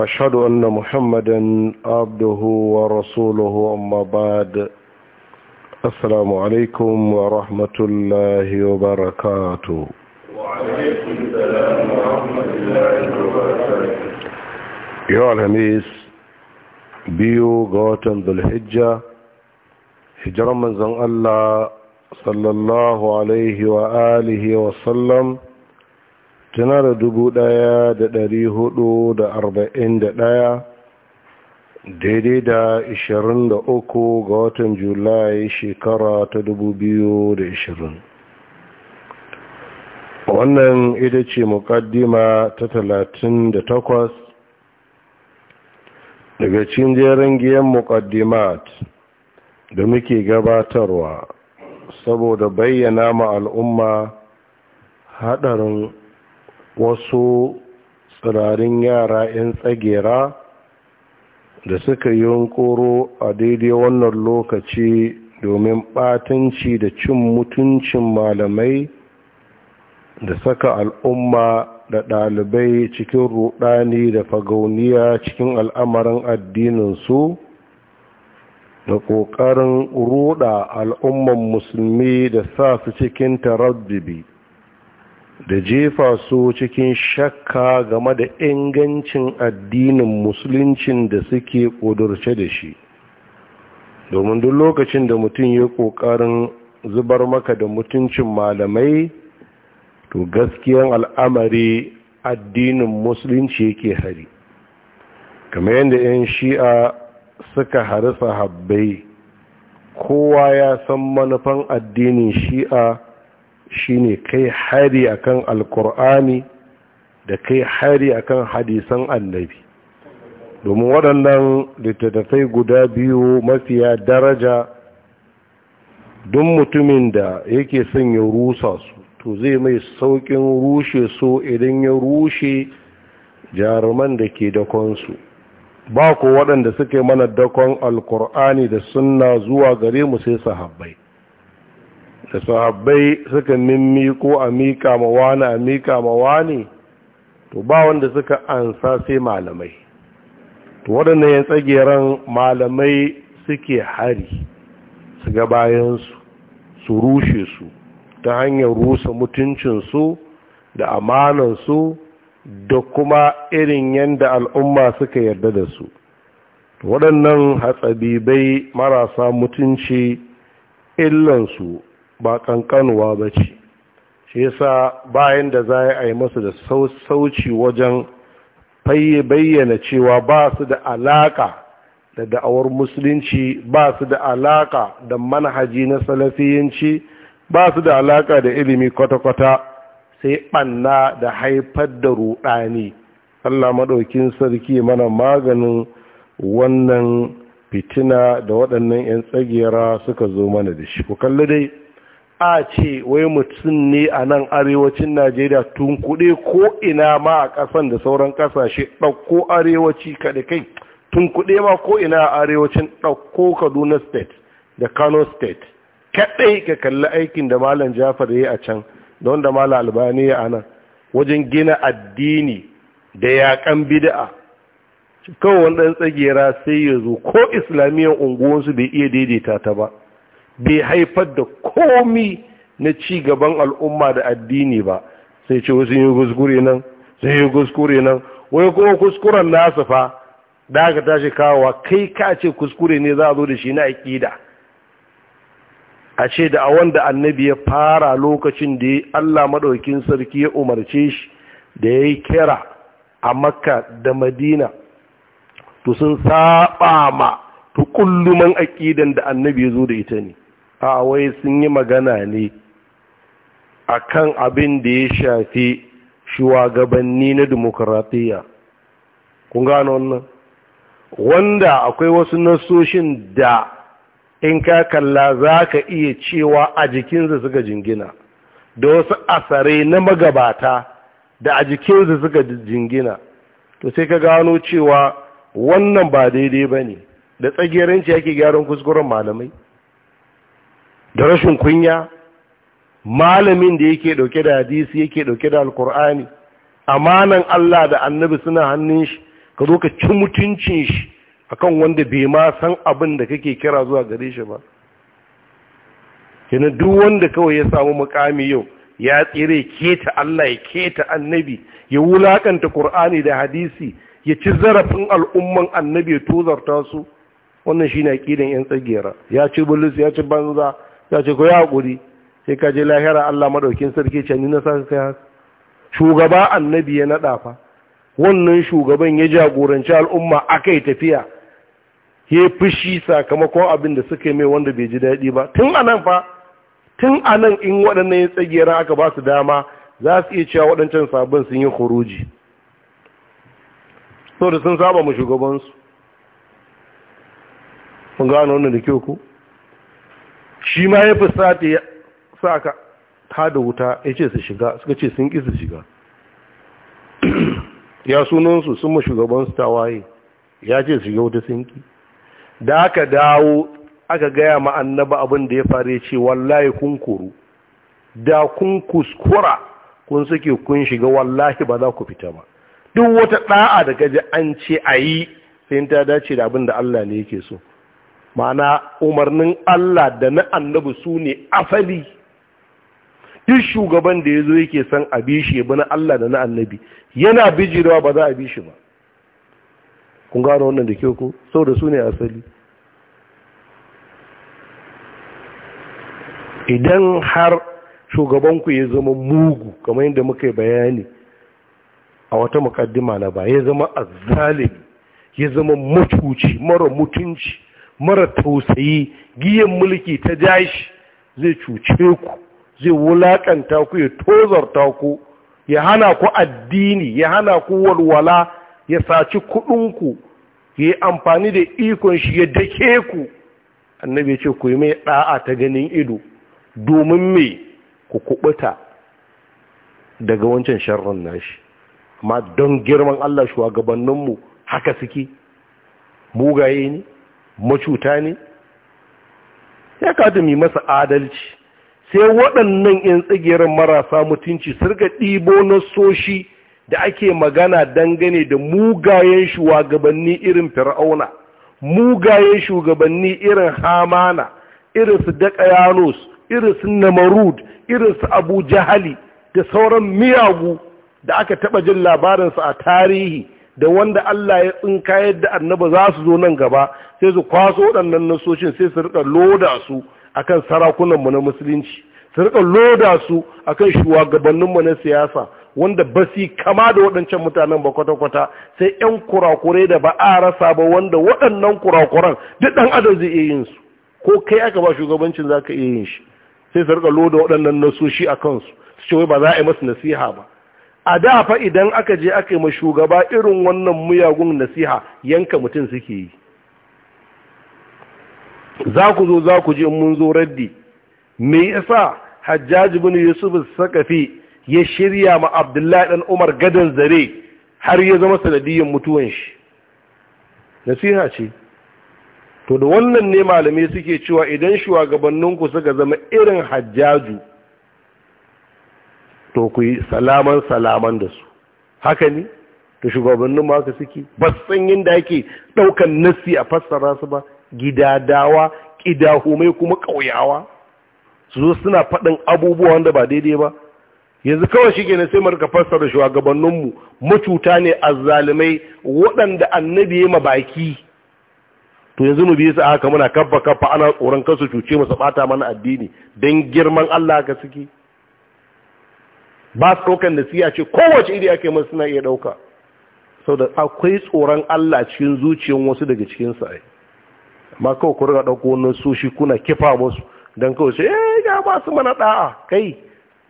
واشهد ان محمدا عبده ورسوله اما بعد السلام عليكم ورحمه الله وبركاته وعليكم السلام ورحمه الله وبركاته يا الهميس بيو غوتن ذو الحجه هجر من زن الله صلى الله عليه واله وسلم tana da dubu ɗaya da ɗari hudu da arba'in da ɗaya daidai da ishirin da uku ga watan julai shekara ta dubu biyu da ishirin wannan ita ce mukaddima ta talatin da takwas daga cikin jerin giyan mukaddimat da muke gabatarwa saboda bayyana ma al'umma haɗarin wasu tsirarin yara 'yan tsagera da suka yi hunkoro a daidai wannan lokaci domin batanci da cin mutuncin malamai da saka al'umma da ɗalibai cikin rudani da fagauniya cikin al'amarin addininsu da ƙoƙarin ruɗa al'umman musulmi da sa su cikin taraddibi da jefa su cikin shakka game da ingancin addinin musuluncin da suke ƙudurce da shi domin duk lokacin da mutum ya ƙoƙarin zubar maka da mutuncin malamai to gaskiyan al'amari addinin musulunci yake hari kamar yadda 'yan shi'a suka harisa Habbai, kowa ya san manufan addinin shi'a shine kai hari akan alkur'ani da kai hari akan hadisan annabi domin waɗannan littattafai guda biyu mafiya daraja don mutumin da yake son ya rusa su to zai mai saukin rushe su idan ya rushe jaruman da ke dakonsu ba ku waɗanda suke mana dakon alkur'ani da sunna zuwa gare mu sai sahabbai da sahabbai suka mimmi ko a mika mawa ne a mika mawa ne to ba wanda suka ansa sai malamai to waɗannan yan tsageren malamai suke hari su ga bayansu su rushe su ta hanyar rusa mutuncinsu da amanansu da kuma irin yadda al'umma suka yarda da su waɗannan hatsabibai marasa mutunci illansu ba ƙanƙanuwa ba ce shi yasa bayan da za a yi masu da sauci wajen bayyana cewa ba su da alaka da da'awar musulunci ba su da alaƙa da manhaji na salafiyanci ba su da alaƙa da ilimi kwata-kwata sai ɓanna da haifar da ruɗani allah maɗaukin sarki mana maganin wannan fitina da waɗannan 'yan tsagera suka zo mana da shi ku kalli dai a ce wai mutum ne a nan arewacin najeriya tun kuɗe ko ina ma a ƙasan da sauran ƙasashe ɗauko arewaci kaɗe kai tun kuɗe ma ko ina a arewacin ɗauko kaduna state da kano state kaɗai ka kalli aikin da malam jafar ya a can da wanda malam albani ya ana wajen gina addini da yaƙan bida'a kawai wani ɗan tsagera sai ya zo ko islamiyyar unguwarsu bai iya daidaita ta ba bai haifar da komi na ci gaban al'umma da addini ba sai ce wasu yi kuskure nan sai yi kuskure nan wai kuma kuskuren nasu fa da aka tashi kawowa kai ka ce kuskure ne za a zo da shi na aƙida a ce da a wanda annabi ya fara lokacin da Allah maɗaukin sarki ya umarce shi da ya yi kera a makka da madina to sun saba ma tukulluman aƙidan da annabi ya zo da ita ne a wai sun yi magana ne a kan abin da ya shafi shugabanni na demokratiya kun gano wannan wanda akwai wasu nasoshin da in ka kalla za ka iya cewa a jikinsu suka jingina da wasu asare na magabata da a jikinsu suka jingina to sai ka gano cewa wannan ba daidai ba ne da tsagiranci yake gyaran kuskuren malamai da rashin kunya malamin da yake dauke da hadisi yake dauke da alkur'ani amanan Allah da annabi suna hannun shi ka zo ka ci mutuncin shi akan wanda bai ma san abin da kake kira zuwa gare shi ba kina duk wanda kawai ya samu mukami yau ya tsire keta Allah ya keta annabi ya wulakanta Qur'ani da hadisi ya ci zarafin al'umman annabi ya tozarta su wannan shine aqidan yan tsagera ya ci bulus ya ci banza ya ce ko ya haƙuri sai ka je lahira Allah madaukin sarki ce na sa kai haka shugaba annabi ya naɗa fa wannan shugaban ya jagoranci al'umma akai tafiya ya fushi sakamakon abin da suka yi mai wanda bai ji daɗi ba tun anan fa tun anan in waɗannan ya tsagiyar aka ba su dama za su iya cewa waɗancan sabon sun yi kuruji. Saboda sun saba mu shugabansu kun gano wannan da kyau ku shi ma ya fi sa ka tada wuta ya ce su shiga suka ce sun ƙi shiga ya sunansu sun ma shugabansu tawaye ya ce su shiga da sun da aka dawo aka gaya ma annaba abin da ya ya ce wallahi kun kuru da kun kuskura kun suke kun shiga wallahi ba za ku fita ba duk wata ɗa'a da gaji an ce a yi sai ta dace da abin da Allah ne yake so Ma'ana umarnin Allah da na annabi su ne asali duk shugaban da ya zo yake son a bi shi Allah da na annabi yana bijirwa ba za a bi ba kun gano wannan da kyau ko sau da su ne asali idan har shugabanku ya zama mugu kamar yadda muka yi bayani a wata mukaddima na ba ya zama azzalimi ya zama mutuci mara mutunci mara tausayi giyan mulki ta jashi zai cuce ku zai wulaƙanta ku ya tozarta ku ya hana ku addini ya hana ku walwala ya saci kuɗinku ya yi amfani da ikon shi ya dake ku annabi ce ku yi mai ɗa'a ta ganin ido domin mai ku kuɓuta daga wancan sharran nashi amma don girman Allah shugabanninmu haka suke mugaye ne macuta ne ya kada mai masa adalci sai waɗannan 'yan tsigiyar marasa mutunci surga ɗibo na soshi da ake magana dangane da mugayen shugabanni irin fir'auna mugayen shugabanni irin hamana irin su daƙayanus irin su namarud irin su abu jahali da sauran miyagu da aka taɓa jin labarinsu a tarihi da wanda Allah ya tsinka yadda annaba za su zo nan gaba sai su kwaso waɗannan nasoshin sai su rika loda su akan sarakunanmu na musulunci su rika loda su akan shugabanninmu na siyasa wanda ba su kama da waɗancan mutanen ba kwata-kwata sai ƴan kurakurai da ba a rasa ba wanda waɗannan kurakuran duk ɗan adam zai iya yin su ko kai aka ba shugabancin za ka iya yin shi sai su rika loda waɗannan nasoshi a kansu su ce wai ba za a yi masu nasiha ba a da fa idan aka je aka yi ma shugaba irin wannan muyagun nasiha yanka mutum suke yi za ku zo za ku je mun zo raddi me yasa hajjaji bin yusuf sakafi ya shirya ma abdullahi dan umar gadan zare har ya zama sanadiyyar mutuwan shi nasiha ce to da wannan ne malamai suke cewa idan shugabanninku suka zama irin hajjaju to ku yi salaman salaman da su haka ne to shugabannin ma suke ba san yadda ake ɗaukan nasi a fassara su ba gidadawa ƙidahumai kuma ƙauyawa su zo suna faɗin abubuwa wanda ba daidai ba yanzu kawai shi kenan sai marka fassara shugabanninmu macuta ne a zalimai waɗanda annabi ya mabaki to yanzu mu biyu su aka muna kafa kafa ana tsoron kansu cuce masa ɓata mana addini don girman Allah ka suke ba su ɗaukan siya ce kowace iri ake masu suna iya ɗauka sau da akwai tsoron Allah cikin zuciyar wasu daga cikin ai ma kawai ku na ɗauko wannan soshi kuna kifa musu don kawai ce eh ga ba su mana ɗa'a kai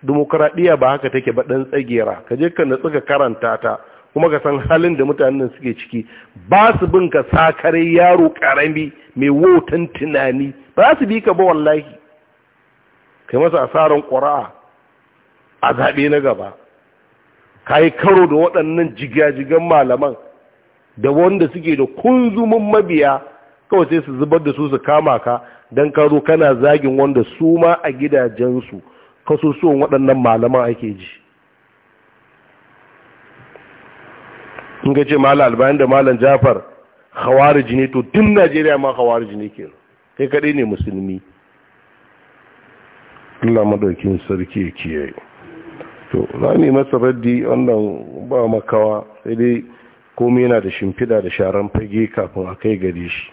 dimokuraɗiyya ba haka take ba ɗan tsagera ka je ka natsu ka karanta ta kuma ka san halin da mutanen suke ciki ba su bin ka sakarai yaro ƙarami mai wotan tunani ba su bi ka ba wallahi kai masa asarar ƙura'a a zaɓe na gaba ka yi karo da waɗannan jigajigan malaman da wanda suke da kunzumin mabiya kawai sai su zubar da su su kama ka don karo kana zagin wanda su ma a gidajensu kasusuwan waɗannan malaman ake ji in ka ce malam albayan da malam jafar Hawari ne to tun najeriya ma Hawari ne ke kai kaɗai ne musulmi Allah madaukin sarki ya kiyaye to za mu yi masa raddi wannan ba makawa sai dai komai yana da shimfiɗa da sharan fage kafin a kai gare shi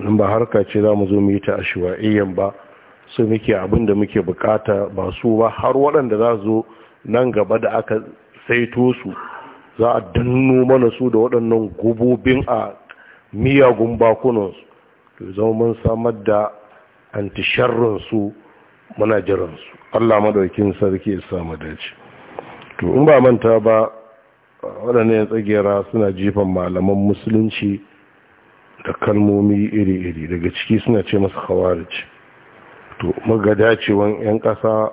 in ba harka ce za mu zo mu yi ta ashwa'iyyan ba su muke abin da muke bukata ba su ba har waɗanda za zo nan gaba da aka saito su za a danno mana su da waɗannan gubobin a miyagun su, to zama mun samar da antisharrinsu muna jiransu allah madaukin sarki ya samu dace to in ba manta ba waɗannan tsagera suna jifan malaman musulunci da kalmomi iri-iri daga ciki suna ce masa khawarij to magadacewan 'yan ƙasa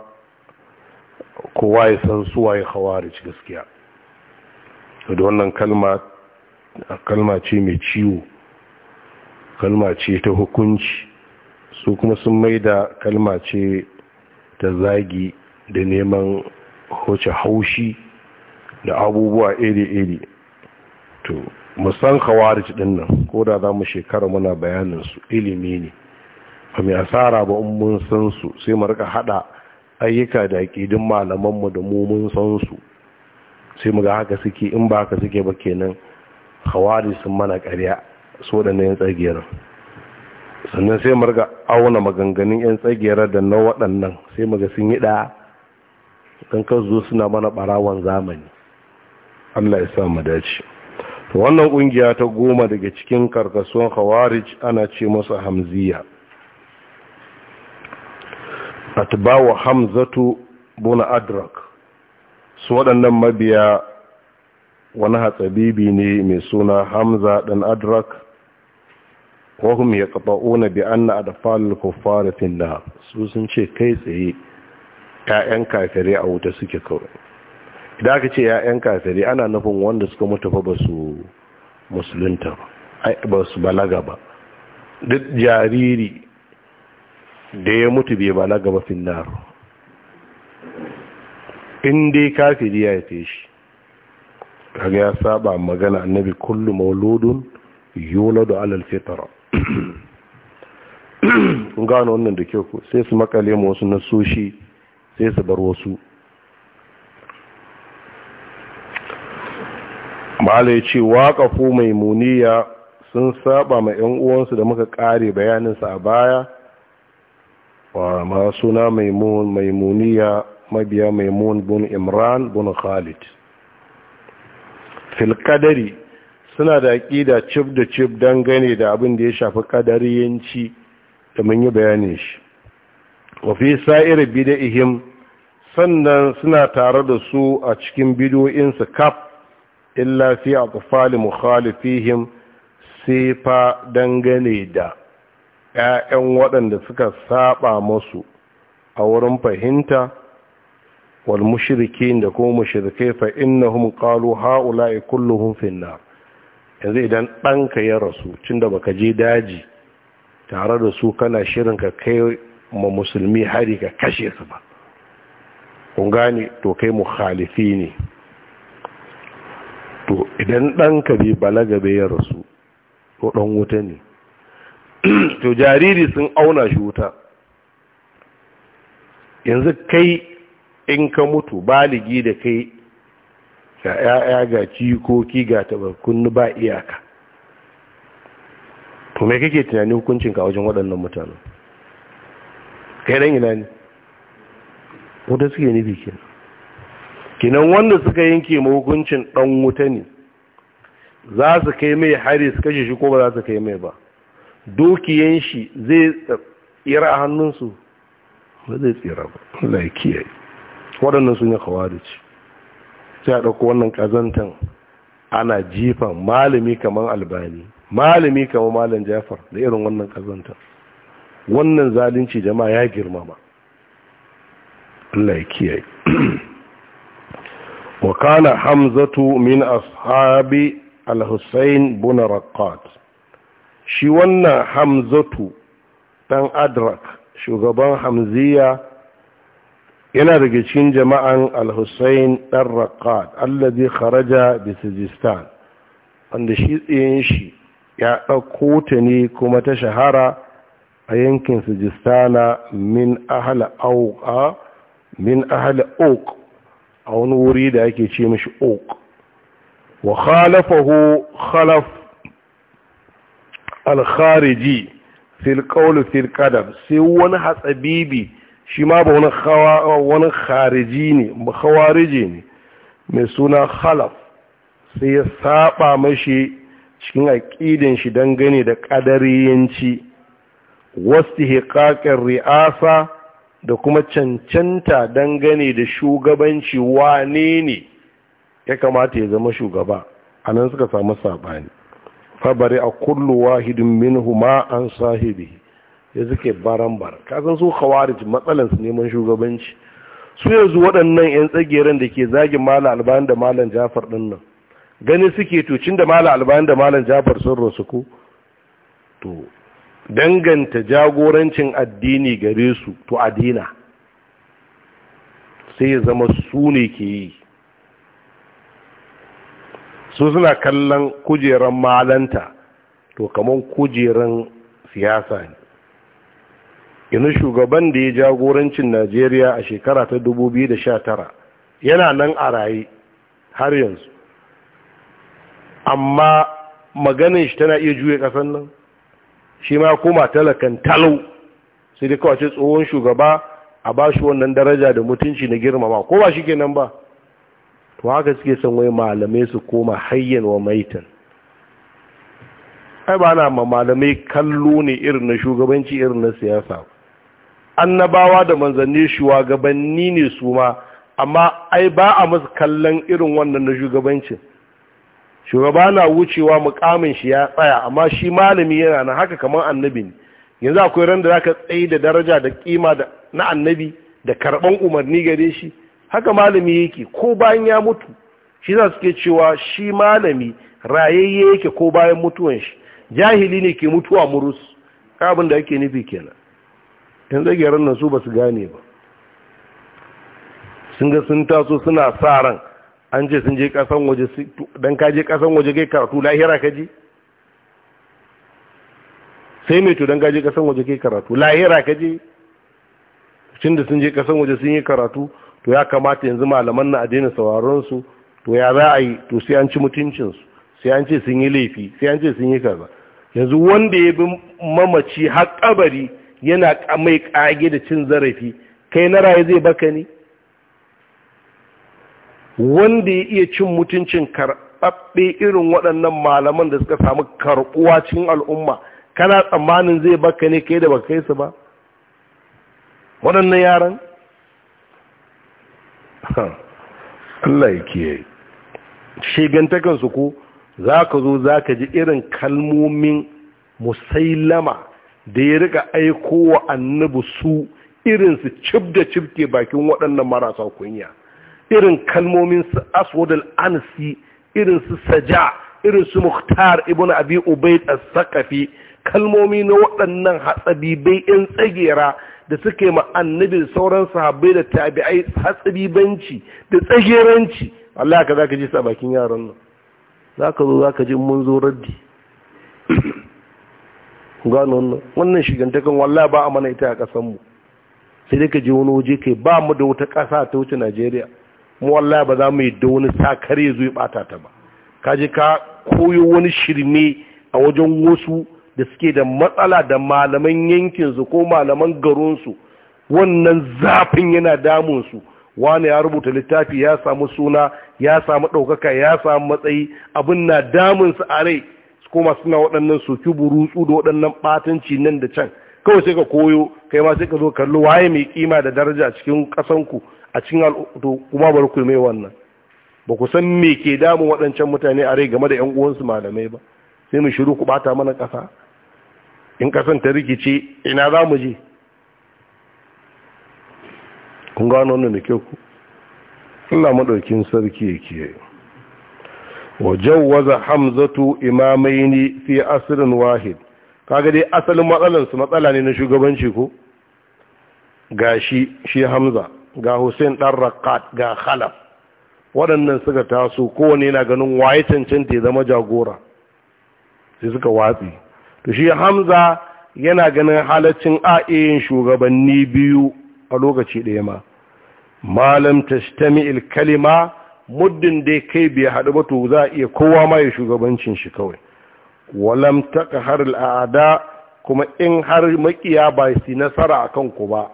kowa ya san suwaye khawarij gaskiya da wannan kalma kalma ce mai ciwo kalma ce ta hukunci su kuma sun maida kalma ce ta zagi da neman wace haushi da abubuwa iri-iri to musan khawarij din nan ko da za mu shekara muna bayanin su ilimi ne ba mai asara ba in mun san su sai mu rika hada ayyuka da aƙidin malamanmu da mu mun san su sai mu ga haka suke in ba haka suke ba kenan hawari sun mana ƙarya su waɗannan 'yan tsagerar sannan sai mu rika auna maganganun 'yan tsagiyar da na waɗannan sai mu ga sun yi ɗaya don kan suna mana barawan zamani Allah ya sa mu dace to wannan kungiya ta goma daga cikin karkasuwan khawarij ana ce masa hamziya wa hamzatu buna adrak su waɗannan mabiya wani hatsabibi ne mai suna hamza ɗan adrak wahum ya ƙafa'una bi an na adafalin kufaratin da su sun ce kai tsaye 'ya'yan kafirai a wuta suke kawai idan aka ce 'ya'yan kafirai ana nufin wanda suka mutu fa ba su musulunta ba su balaga ba duk jariri da ya mutu bai balaga ba finnar in dai kafiri ya haife shi kaga ya saba magana annabi kullu mauludun yuladu alal fitra gano wannan da kyau sai su makale mu wasu nasoshi sai su bar wasu malai ce waƙafu mai muniya sun saba ma 'yan uwansu da muka ƙare bayaninsa a baya wa masuna mai maimuniya mabiya maimun bin imran bin khalid fil suna da aƙida cif da cif dangane da abin da ya shafi kadariyanci da mun yi bayanin shi wafi fi sa'ir bid'ihim sannan suna tare da su a cikin bidoyinsu kaf illa fi atfal mukhalifihim sai fa dangane da 'ya'yan waɗanda suka saba musu a wurin fahimta wal mushrikin da kuma mushrikai fa innahum qalu haula'i kulluhum fi nar yanzu idan ɗanka ya rasu tunda baka je daji tare da su kana shirin ka kai ma musulmi hari ka kashe su ba kun gane to kai mu khalifi ne to idan ɗanka bai balaga bai ya rasu to ɗan wuta ne to jariri sun auna shi wuta yanzu kai in ka mutu baligi da kai ga ya'ya ga cikoki ga tabarkunni ba iyaka to me kake tunanin hukuncinka wajen waɗannan mutanen kairan ina ne wuta suke nufi kenan kinan wanda suka yanke mahukuncin dan wuta ne za su kai mai hari su kashe shi ko ba za su kai mai ba dokiyan shi zai tsira a hannunsu ba zai tsira ba Allah waɗannan sun yi kawarici sai a ɗauko wannan ƙazantan ana jifan malami kamar albani malami kamar malam jafar da irin wannan ƙazantan wannan zalunci jama'a ya girmama Allah ya kiyaye wa kana hamzatu min ashabi al-husayn ibn raqqat shi wannan hamzatu dan adrak shugaban hamziya yana daga cikin jama'an al-husayn dan raqqat alladhi kharaja bi sijistan wanda shi tsayen shi ya ɗauko ta ne kuma ta shahara a yankin sujistana min ahala auka min ahala oak a wani wuri da ake ce mashi oak wa khalafahu khalaf al-khariji fil qawl fil qadar sai wani hatsabibi shi ma ba wani wani khariji ne khawariji ne mai suna khalaf sai ya saba mashi cikin aƙidan shi dangane da qadariyanci wasu hikakar ri'asa da kuma cancanta dangane da shugabanci wane ne ya kamata ya zama shugaba a nan suka samu saɓani fabari a kullu wahidin minhu ma an sahibi ya suke barambar kasan su khawarij su neman shugabanci su yanzu waɗannan 'yan tsageren da ke zagin mala albani da malan jafar ɗin nan gani suke tocin da mala albani da malan jafar sun rasu ku to danganta jagorancin addini gare su to adina sai ya zama su ne ke yi su suna kallon kujeran malanta to kamar kujeran siyasa ne yanzu shugaban da ya jagorancin najeriya a shekara ta 2019 yana nan a raye har yanzu amma maganin shi tana iya juya ƙasan nan shi ma koma talakan talau sai dai kawace tsohon shugaba a ba shi wannan daraja da mutunci na girmama ko ba shi ke nan ba to haka suke san wai malamai su koma hayyan wa maitan ai ba na ma malamai kallo ne irin na shugabanci irin na siyasa annabawa da manzanni shugabanni ne su ma amma ai ba a musu kallon irin wannan na shugabancin shugaba na wucewa mukamin shi ya tsaya amma shi malami yana na haka kamar annabi ne yanzu akwai ran da zaka tsaye da daraja da kima da na annabi da karban umarni gare shi haka malami yake ko bayan ya mutu shi za suke cewa shi malami rayayye yake ko bayan mutuwan shi jahili ne ke mutuwa murus abin da ake nufi kenan yan zage nan su ba su gane ba sun ga sun taso suna sa ran an ce sun je kasan waje dan ka je kasan waje kai karatu lahira ka ji sai mai to dan ka je kasan waje kai karatu lahira ka ji tun da sun je kasan waje sun yi karatu to ya kamata yanzu malaman na a sauraron su to ya za a yi to sai an ci mutuncinsu sai an ce sun yi laifi sai an ce sun yi kaza yanzu wanda ya bi mamaci har kabari yana mai kage da cin zarafi kai na raye zai baka ne wanda ya iya cin mutuncin karɓaɓɓe irin waɗannan malaman da suka samu karɓuwa cikin al'umma kana tsammanin zai baka ne kai da baka kai su ba waɗannan yaran Allah ya kiyaye shigantakansu ko za ka zo za ka ji irin kalmomin musailama da ya rika aiko wa annabi su irinsu cib da cib ke bakin waɗannan marasa kunya irin kalmomin su aswadul ansi irin su saja irin su muhtar ibn abi ubaid as-saqafi kalmomi na waɗannan hatsabibai in tsagera da suke ma annabi sauran sahabbai da tabi'ai hatsabibanci da tsageranci Allah ka zaka ji su a bakin yaran nan zaka zo zaka ji mun zo raddi gano wannan wannan shigantakan wallahi ba a mana ita a kasan mu sai dai ka je wani waje kai ba mu da wata ƙasa ta wuce Najeriya mu wallahi ba za mu yadda wani sakar ya zo ya bata ta ba kaji ka koyo wani shirme a wajen wasu da suke da matsala da malaman yankinsu ko malaman garinsu wannan zafin yana damunsu wani ya rubuta littafi ya samu suna ya samu ɗaukaka ya samu matsayi abin na damunsu a rai su koma suna waɗannan soki burutsu da waɗannan ɓatanci nan da can kawai sai ka koyo kai ma sai ka zo kallo waye mai kima da daraja cikin ƙasanku a cikin al'udu kuma bar ku mai wannan ba ku san me ke damun waɗancan mutane a rai game da 'yan uwansu malamai ba sai mu shiru ku bata mana ƙasa in ƙasan ta rikice ina za mu je kun gano wannan da kyau ku Ina maɗaukin sarki ya kiyaye وجوز imamai ne, في asirin wahid kaga dai asalin matsalansu matsala ne na shugabanci ko gashi shi hamza ga hussein ɗan rakat ga khalaf waɗannan suka taso kowane yana ganin waye cancanta ya zama jagora sai suka watsi to shi hamza yana ganin halaccin a'ayin shugabanni biyu a lokaci ɗaya ma malam il kalima muddin dai kai bai haɗu ba to za a iya kowa ma ya shugabancin shi kawai walam taka har al'ada kuma in har makiya ba su nasara a kanku ba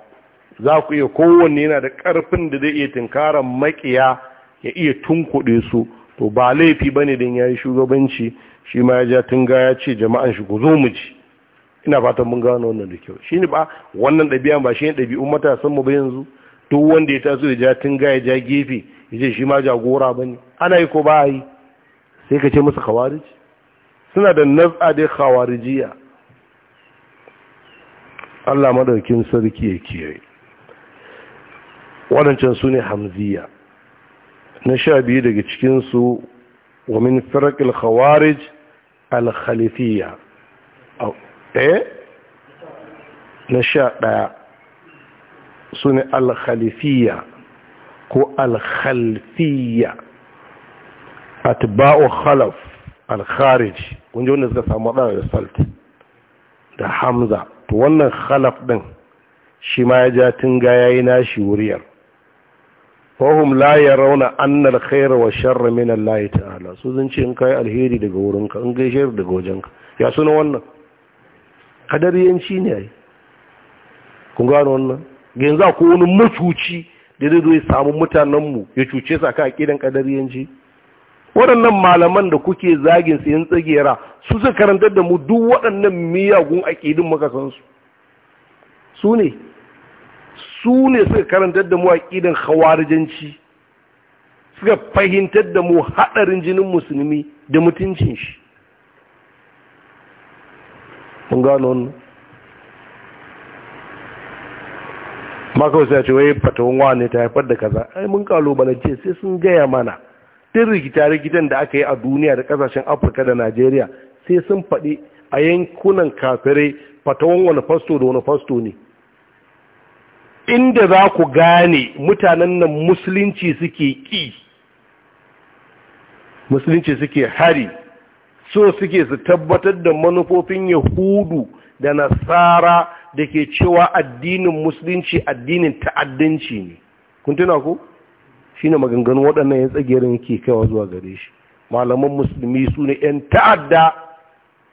za ku iya kowanne yana da ƙarfin da zai iya tunkarar makiya ya iya tunkuɗe su to ba laifi ba ne don ya yi shugabanci shi ma ya ja tunga ya ce jama'an shi ku zo mu ji ina fatan mun gano wannan da kyau shi ne ba wannan ɗabi'a ba shi ne ɗabi'un matasan mu ba yanzu duk wanda ya taso ya ja tunga ya ja gefe ya ce shi ma jagora ba ne ana yi ko ba a yi sai ka ce musu kawariji suna da naz'a dai khawarijiya Allah madaukin sarki ya kiyaye waɗancan su ne hamziya na sha biyu daga cikinsu wa min firakil khawarij al-khalifiya ɗaya eh? na sha ɗaya su ne al-khalifiya ko al-khalfiya atba'u khalaf al-kharij kunje wanda suka samu ɗan da salt da hamza to wannan khalaf ɗin, shi ma ya ja tunga yi nashi wuriyar fahim la ya rauna annal khaira wa sharra min Allah ta'ala su zan ce in kai alheri daga wurinka in gaishe daga wajenka ya suna wannan kadariyanci ne ai kun gano wannan yanzu ko wani macuci da zai zo ya samu mutanen mu ya cuce su akan akidan kadariyanci waɗannan malaman da kuke zagin su yin tsagera su suka karantar da mu duk waɗannan miyagun akidin muka san su su ne su ne suka karantar da mu a ƙidan khawarijanci suka fahimtar da mu hadarin jinin musulmi da mutuncin shi mun gano wannan maka sai ce wai fatawan wane ta haifar da kaza ai mun balance sai sun gaya mana din rikita-rikitan da aka yi a duniya da kasashen afirka da najeriya sai sun faɗi a yankunan kafirai fatawan wani fasto da wani fasto ne inda za ku gane mutanen nan musulunci suke ƙi musulunci suke hari so suke su tabbatar da manufofin yahudu da nasara da ke cewa addinin musulunci addinin ta'addanci ne kun tuna ku ne maganganu waɗannan tsagiyar tsagerin ke kawo zuwa gare shi malaman musulmi su ne yan ta'adda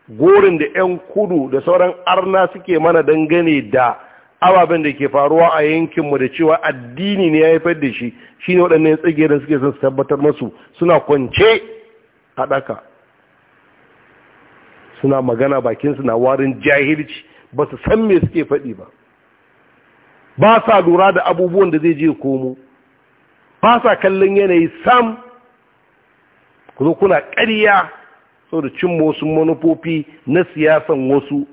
gorin da yan kudu da sauran arna suke mana dangane da ababen da ke faruwa a yankinmu da cewa addini ne ya haifar da shi shi ne waɗannan tsagerin suke son tabbatar masu suna kwance a ɗaka suna magana bakinsu na warin jahilci ba su san me suke faɗi ba ba sa lura da abubuwan da zai je komo ba sa kallon yanayi sam ku zo kuna ƙarya da cin wasu manufofi na siyasan wasu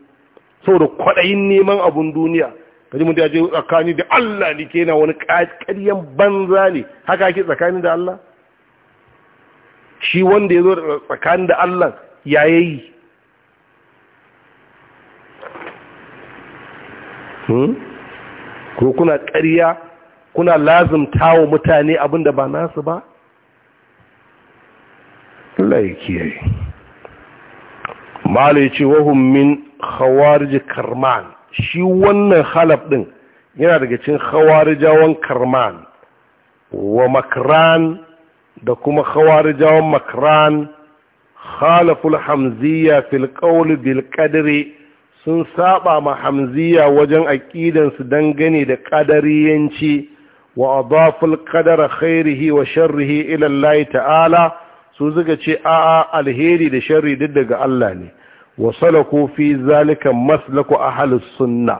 sau da kwaɗayin neman abun duniya kaji mutum ya ce tsakani da Allah ne ke wani ƙaryan banza ne haka ake tsakani da Allah shi wanda ya zo da tsakani da Allah ya yayi hmm? ko kuna ƙarya kuna lazimta wa mutane abinda ba nasu ba Allah ya kiyaye malai ce wahun min khawarji karman shi wannan halaf ɗin yana daga cin hawarijawan karman wa makran da kuma hawarijawan makran halaful hamziya fil qawli bil qadri sun saba ma hamziya wajen aqidansu dangane da ƙadariyanci wa adaful ƙadara khairihi wa sharrihi ila ta'ala su zuga ce a'a alheri da sharri duk daga Allah ne wa salaku fi zalika maslaku ahlus sunna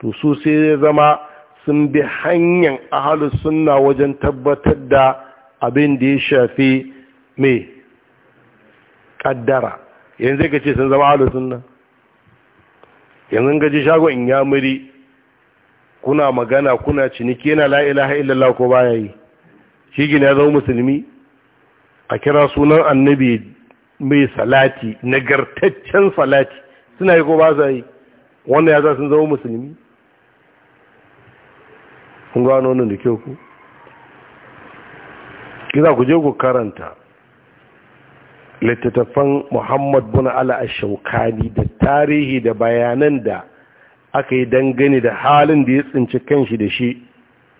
to su sai zama sun bi hanyar ahlus sunna wajen tabbatar da abin da ya shafi mai kaddara yanzu ka ce sun zama ahlus sunna yanzu ga ji shagon in ya muri kuna magana kuna ciniki yana la ilaha illallah ko baya yi shi gina ya zama musulmi a kira sunan annabi mai salati nagartaccen salati suna yi ko ba sa yi wannan ya sa sun zama musulmi kun gano wannan da kyau ku kira ku je ku karanta littattafan muhammad bin ala ashaukani da tarihi da bayanan da aka yi dangane da halin da ya tsinci kanshi da shi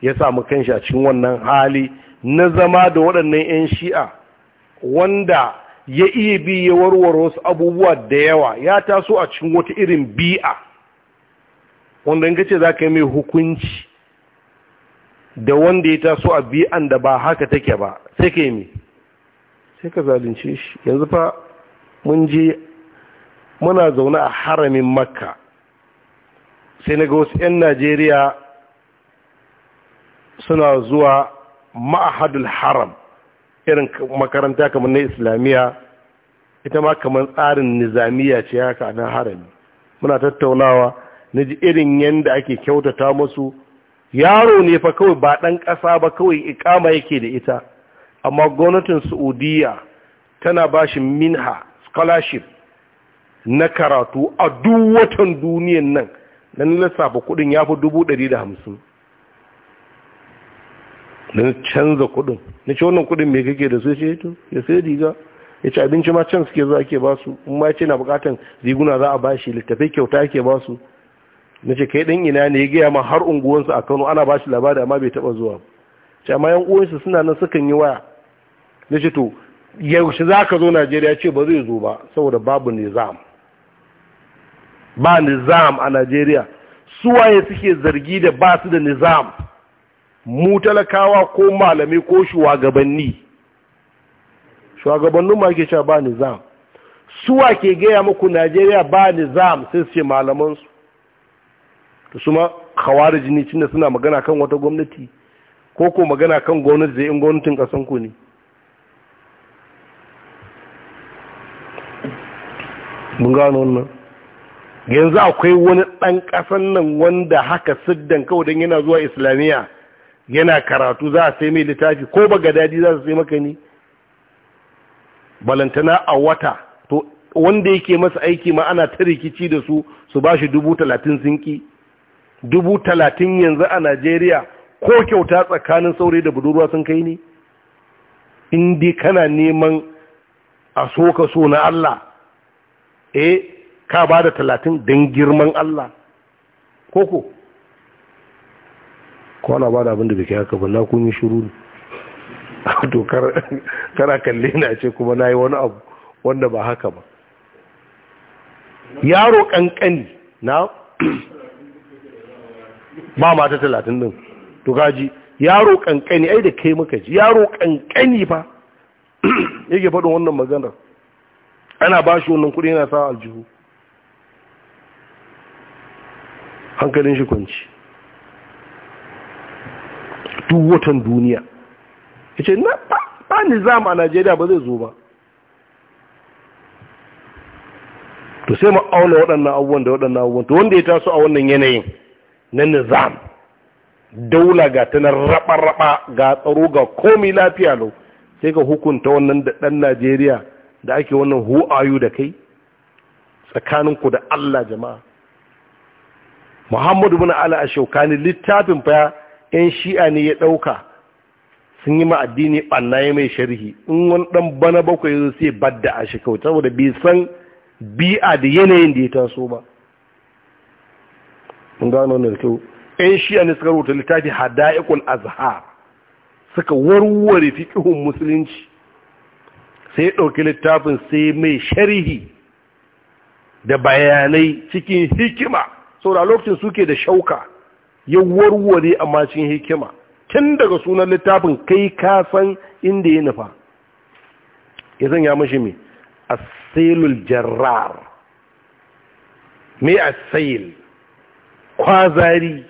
ya samu kanshi a cikin wannan hali na zama da waɗannan 'yan shi'a wanda ya iya bi ya warware wasu abubuwa da yawa ya taso a cikin wata irin bi'a wanda in ce za ka yi mai hukunci da wanda ya taso a bi'an da ba haka take ba sai ka yi mai sai ka zalunce shi yanzu fa mun je muna zaune a haramin makka sai na ga wasu 'yan najeriya suna zuwa ma'ahadul haram irin makaranta kamar na islamiyya ita ma kamar tsarin nizamiya ce haka na harami muna tattaunawa na ji irin yadda ake kyautata masu yaro ne fa kawai ba ɗan ƙasa ba kawai ikama yake da ita amma gwamnatin saudiya tana ba shi minha scholarship na karatu a duk watan duniyan nan na lissafa kuɗin ya fi dubu ɗari da hamsin na canza kudin na ce wannan kudin mai kake da su ce eh to ya sai riga ya ce abinci ma can suke zuwa ke ba in ma ce na bukatan riguna za a ba shi littafai kyauta ake basu na ce kai dan ina ne ya gaya ma har unguwansu a kano ana ba shi labari amma bai taba zuwa ce amma yan uwansu suna nan sukan yi waya na ce to yaushe za ka zo najeriya ce ba zai zo ba saboda babu nizam ba nizam a najeriya suwaye suke zargi da ba su da nizam mu talakawa ko malamai ko shugabanni shugabannin ma ke cewa ba nizam suwa ke gaya muku najeriya ba nizam sai su ce malamansu da su ma kawar jini cinda suna magana kan wata gwamnati ko ko magana kan gwamnati zai in gwamnatin kasanku ne mun gano wannan yanzu akwai wani ɗan ƙasan nan wanda haka siddan kawai don yana zuwa islamiyya yana karatu za a sai mai littafi ko ba gadadi za su sai maka ni balantana a wata to wanda yake masa aiki ma ana ta rikici da su su ba shi dubu talatin zinki dubu talatin yanzu a najeriya ko kyauta tsakanin saurayi da budurwa sun kai ni? in kana neman a so ka so na allah eh ka ba da talatin don girman allah koko ko ana ba da abin da bai kai haka ba na kun yi shiru ne to kana kalle na ce kuma na yi wani abu wanda ba haka ba yaro kankani na ba mata talatin din to gaji yaro kankani ai da kai muka ji yaro kankani ba yake faɗin wannan maganar ana ba shi wannan kuɗi yana sa aljihu hankalin shi kwanci duk watan duniya ya ce na ba nizam a najeriya ba zai zo ba to sai mu waɗannan abubuwan da waɗannan abubuwan to wanda ya taso a wannan yanayin na nizam daula ga ta raba-raba ga tsaro ga komi lafiya lau sai ka hukunta wannan da ɗan najeriya da ake wannan hu'ayu da kai tsakaninku da allah jama'a muhammadu bin ala a shaukani littafin fa 'yan shi'a ne ya ɗauka sun yi ma'addini ɓanna ya mai sharhi in wani ɗan bana bakwai yanzu sai badda a shi saboda bai san bi'a da yanayin da ya taso ba in gano kyau 'yan shi'a ne suka rubuta littafi hada'ikul azhar suka warware fiƙihun musulunci sai ɗauki littafin sai mai sharhi da bayanai cikin hikima saboda lokacin suke da shauka ya warware a macin hikima tun daga sunan littafin kai ka san inda ya nufa ya sanya mashi mai asailul jarrar mai asail kwazari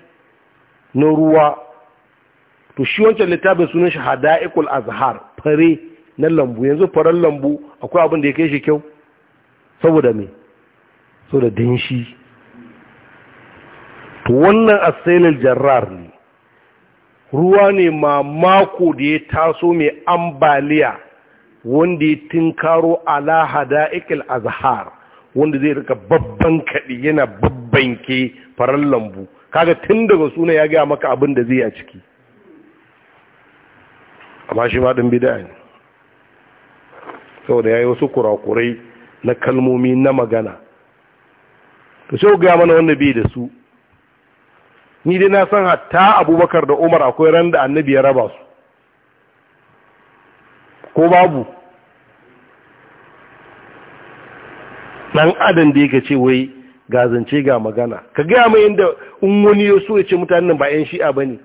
na ruwa to shi wancan littafin sunan shi hada'ikul azhar fare na lambu yanzu faren lambu akwai abin da ya kai shi kyau saboda mai saboda danshi to wannan asailin jarrar ne ruwa ne ma mako da ya taso mai ambaliya wanda ya tinkaro ala ikil azhar wanda zai rika babban kaɗi yana babban ke farar lambu kaga tun daga suna ya gaya maka abin da zai a ciki amma shi ma bida ne saboda ya yi wasu kurakurai na kalmomi na magana to sai gaya mana wanda bai da su ni dai na san hatta abubakar da umar akwai ran da annabi ya raba su ko babu dan adam da yake ce wai gazance ga magana ka gaya mai inda in wani ya so ya ce mutanen ba 'yan shi'a ba ne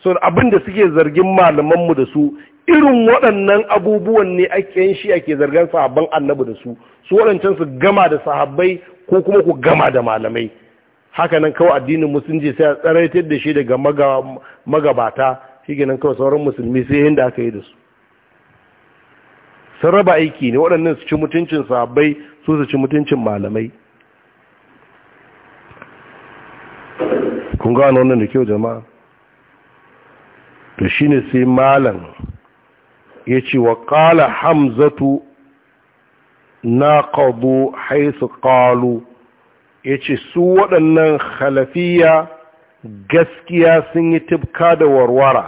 so abin da suke zargin malamanmu da su irin waɗannan abubuwan ne ake 'yan shi'a ke zargan sahabban annabi da su su waɗancan su gama da sahabbai ko kuma ku gama da malamai haka nan kawai addinin musulunci sai a tsaraitar da shi daga magabata shi nan kawai sauran musulmi sai da aka yi da su sun raba aiki ne waɗannan su ci mutuncin sabai su su ci mutuncin malamai kun gano wannan da kyau jama'a to shine sai malam ya ce wa ƙala hamzatu na ƙazo haisu ƙalu ya ce su waɗannan halafiya gaskiya sun yi tibka da warwara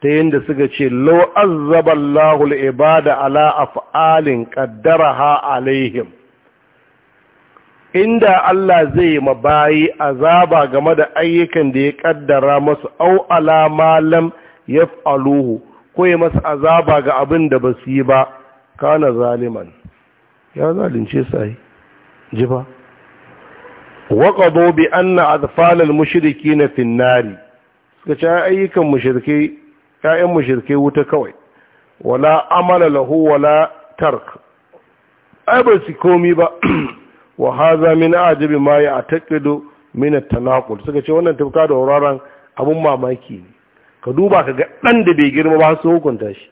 ta yadda suka ce lau azzaballahu al'ibada ala af'alin ha alaihim inda Allah zai mabayi azaba game da ayyukan da ya ƙaddara masu au ala malam yaf'aluhu ko yi masu azaba ga abin da ba su yi ba kana zaliman ya zalunce sai ji ba waƙado bi anna na al mushrikin mushiriki na finnari. suka ce ayyukan mashirki ƴaƴan mashirki wuta kawai wala amala lahu wala tark ai ba su komi ba wa haza min ajabi ma ya ataqidu min tanaqul suka ce wannan tafka da wuraren abun mamaki ne ka duba ka ga dan da bai girma ba su hukunta shi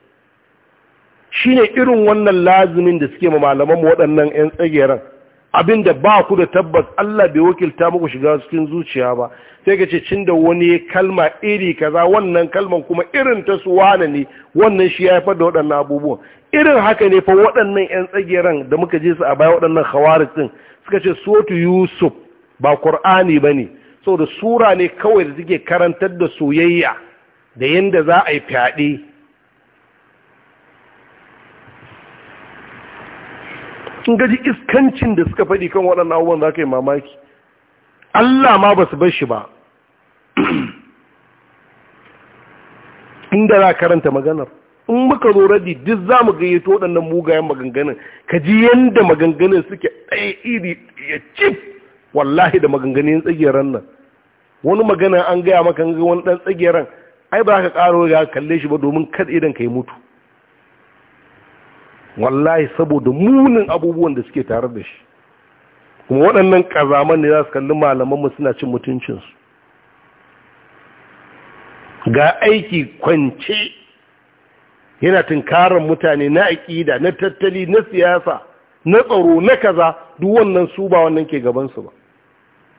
shine irin wannan lazumin da suke ma malaman waɗannan ƴan tsageren abinda ba ku da tabbas Allah bai wakilta muku shiga cikin zuciya ba sai ka ce cin wani kalma iri kaza wannan kalman kuma irin ta suwana ne wannan shi ya haifar da waɗannan abubuwan irin haka ne fa waɗannan 'yan tsageran da muka je su a baya waɗannan khawarij din suka ce sotu yusuf ba qur'ani bane saboda sura ne kawai da suke karantar da soyayya da yanda za a yi fyaɗe sun gaji iskancin da suka faɗi kan waɗannan abubuwan za ka yi mamaki Allah ma ba su bar shi ba inda za karanta maganar in muka zo radi duk za mu gayyato waɗannan mugayen maganganun ka ji yadda maganganun suke ɗaya iri ya cif wallahi da maganganun tsageren nan wani magana an gaya maka ga wani ɗan tsageren ai ba ka ƙaro ya kalle shi ba domin kada idan ka yi mutu wallahi saboda munin abubuwan da suke tare da shi kuma waɗannan ƙazaman ne za su kalli malamanmu suna cin mutuncinsu ga aiki kwance yana tunkarar mutane na aƙida na tattali na siyasa na tsaro na kaza duk wannan su ba wannan ke gabansu ba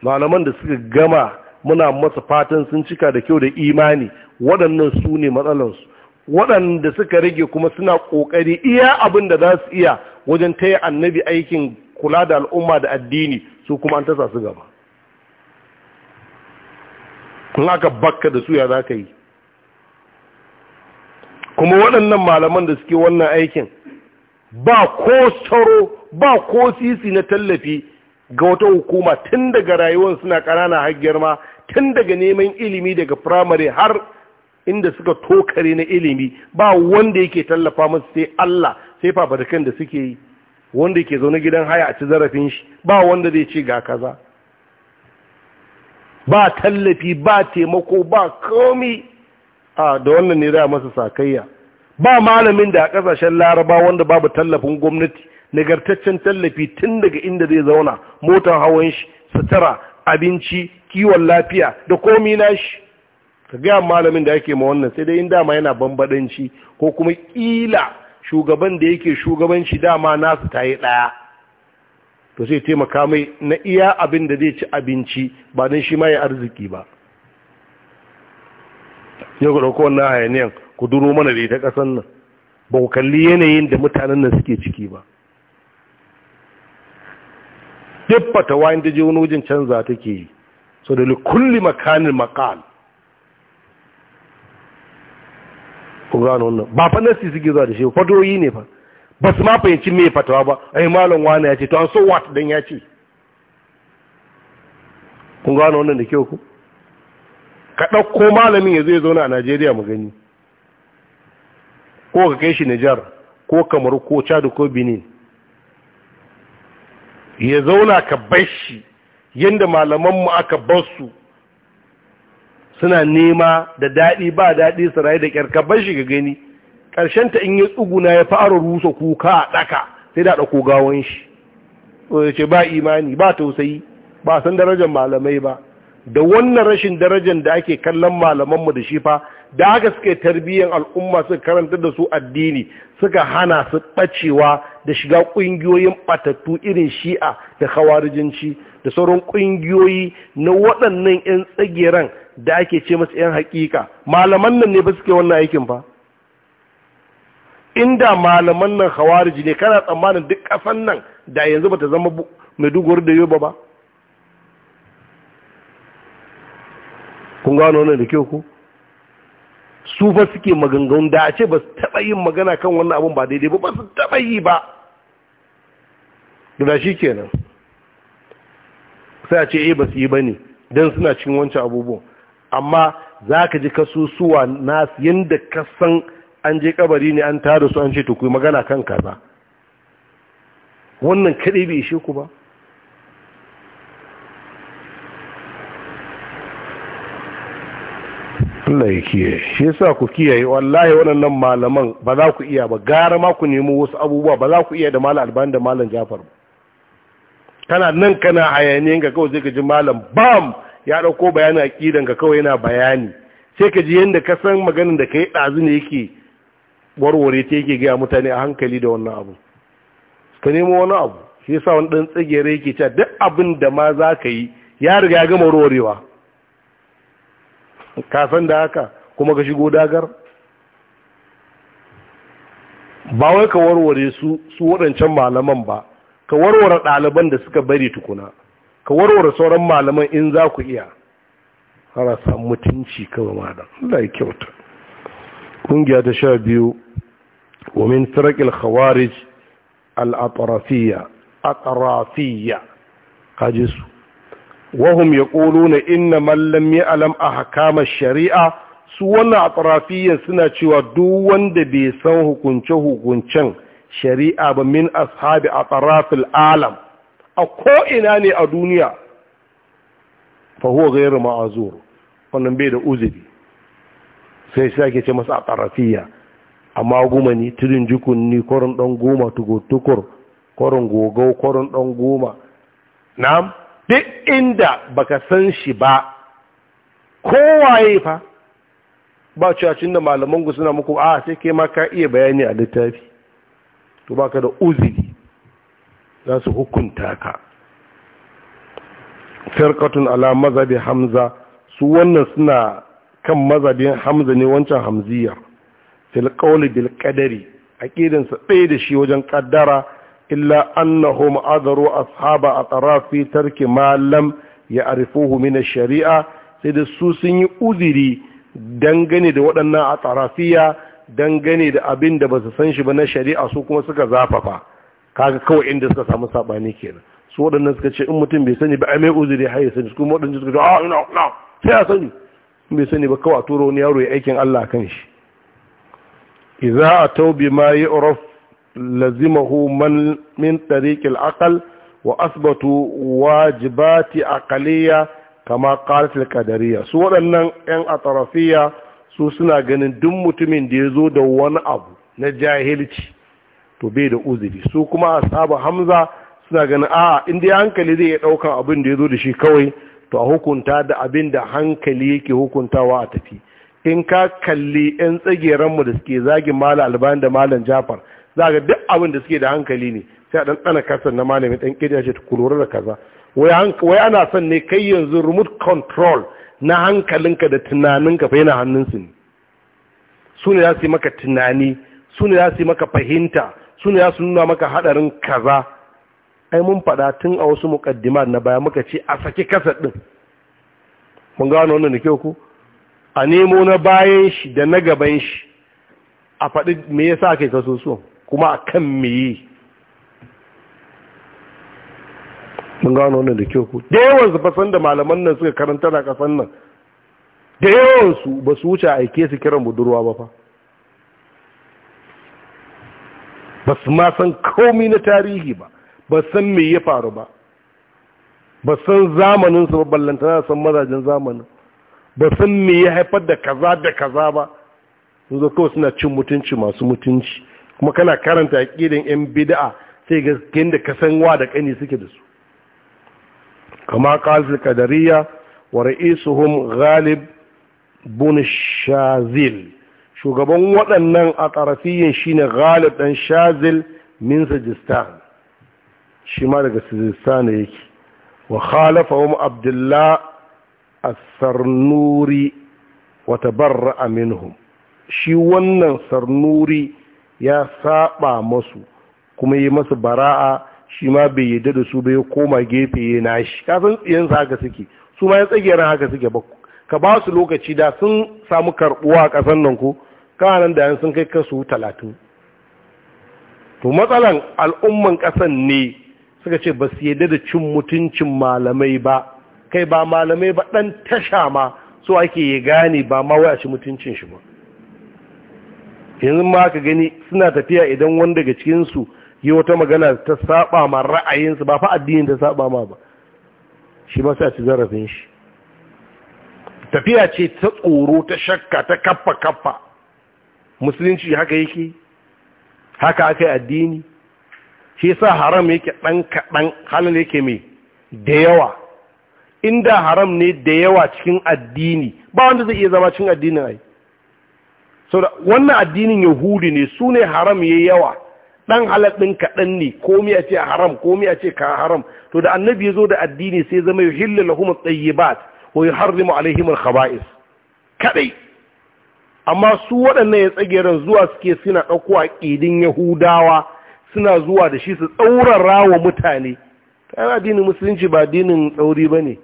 malaman da suka gama muna masa fatan sun cika da kyau da imani waɗannan su ne matsalansu waɗanda suka rage kuma suna ƙoƙari iya abin da za su iya wajen taya annabi aikin kula da al'umma da addini su kuma an tasa su gaba kun aka bakka da suya za ka yi kuma waɗannan malaman da suke wannan aikin ba ko tsaro ba ko sisi na tallafi ga wata hukuma tun daga rayuwar suna ƙanana har girma tun daga neman ilimi daga firamare har inda suka tokare na ilimi ba wanda yake tallafa musu sai Allah sai fafatakan da suke yi wanda ke zaune gidan haya a ci zarafin shi ba wanda zai ce ga kaza ba tallafi ba taimako ba komi a da wannan ne za masa sakayya ba malamin da a kasashen laraba wanda babu tallafin gwamnati nagartaccen tallafi tun daga inda zai zauna motar hawan shi sutura abinci kiwon lafiya da komi nashi ka gaya malamin da ake ma wannan sai dai in dama yana bambadanci ko kuma kila shugaban da yake shugabanci dama nasu ta yi ɗaya to sai taimaka mai na iya abin da zai ci abinci ba don shi ma ya arziki ba yau ɗauko na hayaniyan ku duro mana da ita ƙasan nan ba ku kalli yanayin da mutanen nan suke ciki ba duk fatawa inda je wani wajen canza take yi so da kulli makanin makal kun gano wannan ba fa nasi suke zuwa da shi fadoyi ne fa ba su ma fahimci me fatawa ba yi malam wani ya ce to an so wata dan ya ce kun gano wannan da kyau ku ka ɗauko malamin ya zai zauna a Najeriya mu gani ko ka kai shi Nijar ko kamar ko Chad ko Benin ya zauna ka bar shi yadda malaman mu aka bar su suna nema da daɗi ba daɗi su rayu da ƙyar ka ban shi ga gani ƙarshen ta in yi tsuguna ya fara rusa kuka a ɗaka sai da ɗako gawon shi ce ba imani ba tausayi ba san darajar malamai ba da wannan rashin darajar da ake kallon malamanmu da shi fa da haka suke tarbiyyar al'umma suka karanta da su addini suka hana su ɓacewa da shiga ƙungiyoyin ɓatattu irin shi'a da hawarijinci da sauran ƙungiyoyi na waɗannan 'yan tsagiran da ake ce masu yan haƙiƙa malaman nan ne ba suke wannan aikin ba inda malaman nan hawariji ne kana tsammanin duk ƙasan nan da yanzu ba ta zama mai maiduguri da yau ba kun gano wannan da kyau ku su ba suke maganganun da a ce ba su taɓa yin magana kan wannan abin ba daidai ba ba su taɓa yi ba da shi kenan sai a ce e ba su yi ba ne don suna cin wancan abubuwan amma za ka ji kasusuwa nasu yadda ka san an je kabari ne an tada su an ce to ku magana kan kaza wannan kadai bai ishe ku ba Allah ya kiyaye shi yasa ku kiyaye wallahi waɗannan malaman ba za ku iya ba gara ma ku nemo wasu abubuwa ba za ku iya da malam alban da malam jafar kana nan kana hayaniyan ga kawai zai ji malam bam ya ɗauko bayanin ƙidan ka kawai yana bayani sai ka ji yadda ka san maganin da ka yi ɗazu ne yake warware ta yake gaya mutane a hankali da wannan abu ka nemo wani abu shi yasa wani ɗan tsagere yake cewa duk abin da ma za ka yi ya riga ya gama warwarewa ka san da haka kuma ka shigo dagar ba wai ka warware su su waɗancan malaman ba ka warware ɗaliban da suka bari tukuna ka warware sauran malaman in za ku iya ana samun mutunci kawai malam Allah ya kyauta ƙungiya ta sha biyu wa min khawarij al-atrafiyya atrafiyya kaji su wahum na inna man lam ya'lam a ash-shari'a su wannan atrafiyyan suna cewa duk wanda bai san hukunce hukuncen shari'a ba min ashabi atrafil alam a ko'ina ne a duniya fahuwa gairu ma'azur wannan bai da uzuri sai shi ake ce masa a ƙarafiya amma magumani ne tudun jikunni korin ɗan goma tukur korin gogau korin ɗan goma na duk inda baka san shi ba kowaye fa ba cacin da malaman suna muku a ah, sai ke ma ka iya bayani a littafi to baka da uzuri za su hukunta ka firkatun ala mazabi hamza su wannan suna kan mazabin hamza ne wancan Hamziyar. fil bilƙadari a ƙidinsa ɗaya da shi wajen ƙaddara illa annahum adaru ashaba atrafi tarki malam ya ya'rifuhu min sharia sai da su sun yi uziri dangane da waɗannan tsarafiya dangane da abin da ba su san shi ba na shari'a su kuma suka zafafa kaga kawai inda suka samu sabani kenan su waɗannan suka ce in mutum bai sani ba a mai uzuri har ya sani su kuma waɗanda suka ce ah ina na sai ya sani in bai sani ba kawai a turo wani yaro ya aikin Allah kan shi idza atawbi ma yu'raf lazimahu man min tariq al-aql wa asbatu wajibati aqliya kama qalat al-qadariyya su waɗannan yan atrafiyya su suna ganin duk mutumin da ya zo da wani abu na jahilci to bai da uzuri su kuma ashabu hamza suna ganin a inda ya hankali zai iya ɗaukan abin da ya zo da shi kawai to a hukunta da abin da hankali yake hukuntawa a tafi in ka kalli 'yan mu da suke zagin malam albayan da malam jafar za ga duk abin da suke da hankali ne sai a ɗanɗana kasar na malamin ɗan ƙirya ce ta kulura da kaza wai ana son ne kai yanzu remote control na hankalinka da tunaninka fa yana hannunsu ne su ne za su yi maka tunani su ne za su yi maka fahimta suna ya sun nuna maka hadarin kaza ai mun faɗa tun a wasu mukaddima na baya muka ce a saki kasar ɗin mun gano wannan da kyau ku a nemo na bayan shi da na gaban shi a faɗi me yasa aka yi so kuma a kan me yi. mun gano wannan da kyau ku da yawan su fasan da malaman nan suka karanta na kasan nan da yawan su ba su wuce aike su kiran budurwa ba fa ba su ma san komi na tarihi ba ba san me ya faru ba ba san zamaninsu ba ballantana san mazajen zamanin ba san me ya haifar da kaza da kaza ba sun zo kawai suna cin mutunci masu mutunci kuma kana karanta kidan 'yan bida'a sai ga da ka san wa da kani suke da su kama ƙazil kadariya wa ra'isuhum ghalib bun shazil shugaban waɗannan a shi shine ghalib ɗan shazil min sajistan shi ma daga sajistan yake wa khalafa wa abdullah as-sarnuri wa tabarra'a minhum shi wannan sarnuri ya saba masu kuma yi masu bara'a shi ma bai yi da su bai koma gefe ya nashi kafin tsiyansa haka suke su ma ya tsagiyar haka suke ba ka ba su lokaci da sun samu karbuwa a ƙasar nan ko kawanan da sun kai kasu talatin to matsalan al'umman ƙasan ne suka ce ba su yadda da cin mutuncin malamai ba kai ba malamai ba ɗan tasha ma so ake yi gane ba ma waya ci mutuncin shi ba yanzu ma ka gani suna tafiya idan wanda daga cikinsu yi wata magana ta saba ma ra'ayinsu ba fa addinin ta saba ma ba shi ba sa ci zarafin shi tafiya ce ta tsoro ta shakka ta kaffa kaffa musulunci haka yake haka aka yi addini shi sa haram yake ɗan kaɗan halin yake mai da yawa inda haram ne da yawa cikin addini ba wanda zai iya zama cikin addinin ai so wannan addinin yahudi ne su ne haram ya yawa ɗan halal ɗin kaɗan ne komi a ce haram komi a ce ka haram to da annabi ya zo da addini sai zama yuhillu lahum at-tayyibat wa yuharrimu alaihim al-khaba'is kadai amma su waɗannan ya tsageren zuwa suke suna ɗauko a ƙidin yahudawa suna zuwa da shi su tsaurara wa mutane kayan addinin musulunci ba dinin tsauri ba ne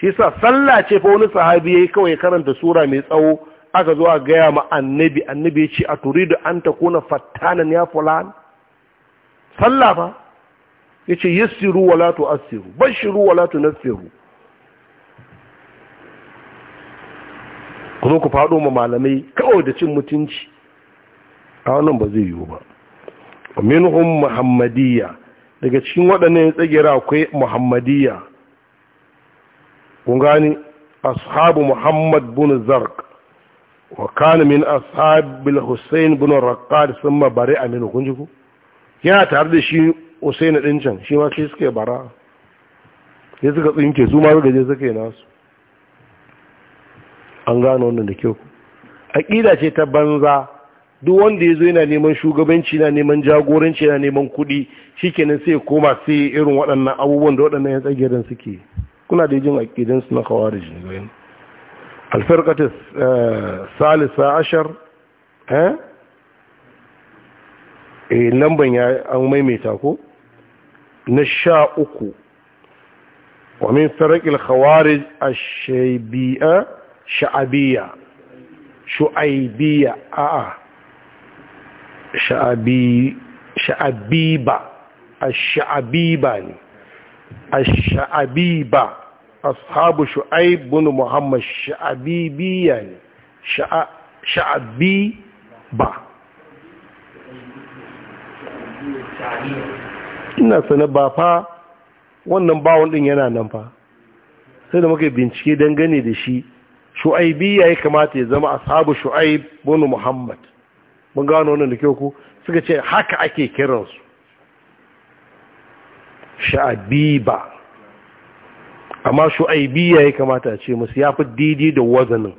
shi sa sallah ce fa wani sahabi ya yi kawai karanta sura mai tsawo aka zo a gaya ma annabi annabi ya ce a turidu an ta kuna fattanan ya fulan sallah fa ya ce yassiru wala tu assiru bashiru wala tu nassiru ku zo ku faɗo ma malamai kawai da cin mutunci a wannan ba zai yiwu ba minhum muhammadiyya daga cikin waɗannan tsagira akwai muhammadiyya kun gani ashabu muhammad bin zarq wa kana min ashabil husayn bin raqqad thumma bari'a minhu kun ji ku yana tare da shi husayn din can shi ma sai suka bara sai suka tsinke su ma suka je suka yi nasu an gano wannan da kyau aƙida ce ta banza duk wanda ya zo yana neman shugabanci yana neman jagoranci yana neman kuɗi shikenan sai koma sai irin waɗannan abubuwan da waɗannan ya tsagirin suke kuna da jin aƙidansu na kawarij ne alfarkatis eh, salisa ashar eh? eh lamban ya an maimaita ko na sha uku wa min sarakil khawarij ash sha'abiyya shu'aibiyya a'a sha'abiba ash-sha'abiba ne ash-sha'abiba ashabu shu'aib bin muhammad sha'abibiyya ne sha'abiba ina sanar ba fa wannan bawon din yana nan fa sai da muka bincike dangane da shi shu'aibi ya kamata ya zama ashabu shu'aib bin muhammad mun gano wannan da kyau ku suka ce haka ake kiransu sha'abiba amma shu'aibi ya kamata a ce musu ya fi didi da wazanin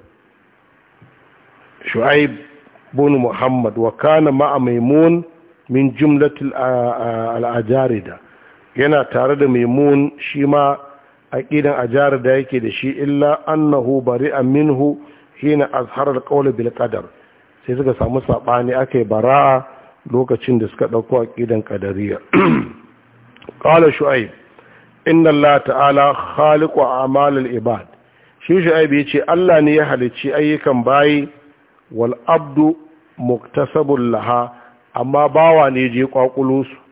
shu'aib bin muhammad wa kana ma'a maimun min jumlatul al'ajarida yana tare da maimun shi ma aqidan ajar da yake da shi illa annahu bari'a minhu hina azhar alqawl bil qadar sai suka samu sabani akai bara'a lokacin da suka dauko aqidan qadariyya qala shu'aib inna allaha ta'ala khaliqu a'mal al-ibad shi shu'aib yace Allah ne ya halicci ayyukan bayi wal abdu muktasabul laha amma bawa ne je kwakulusu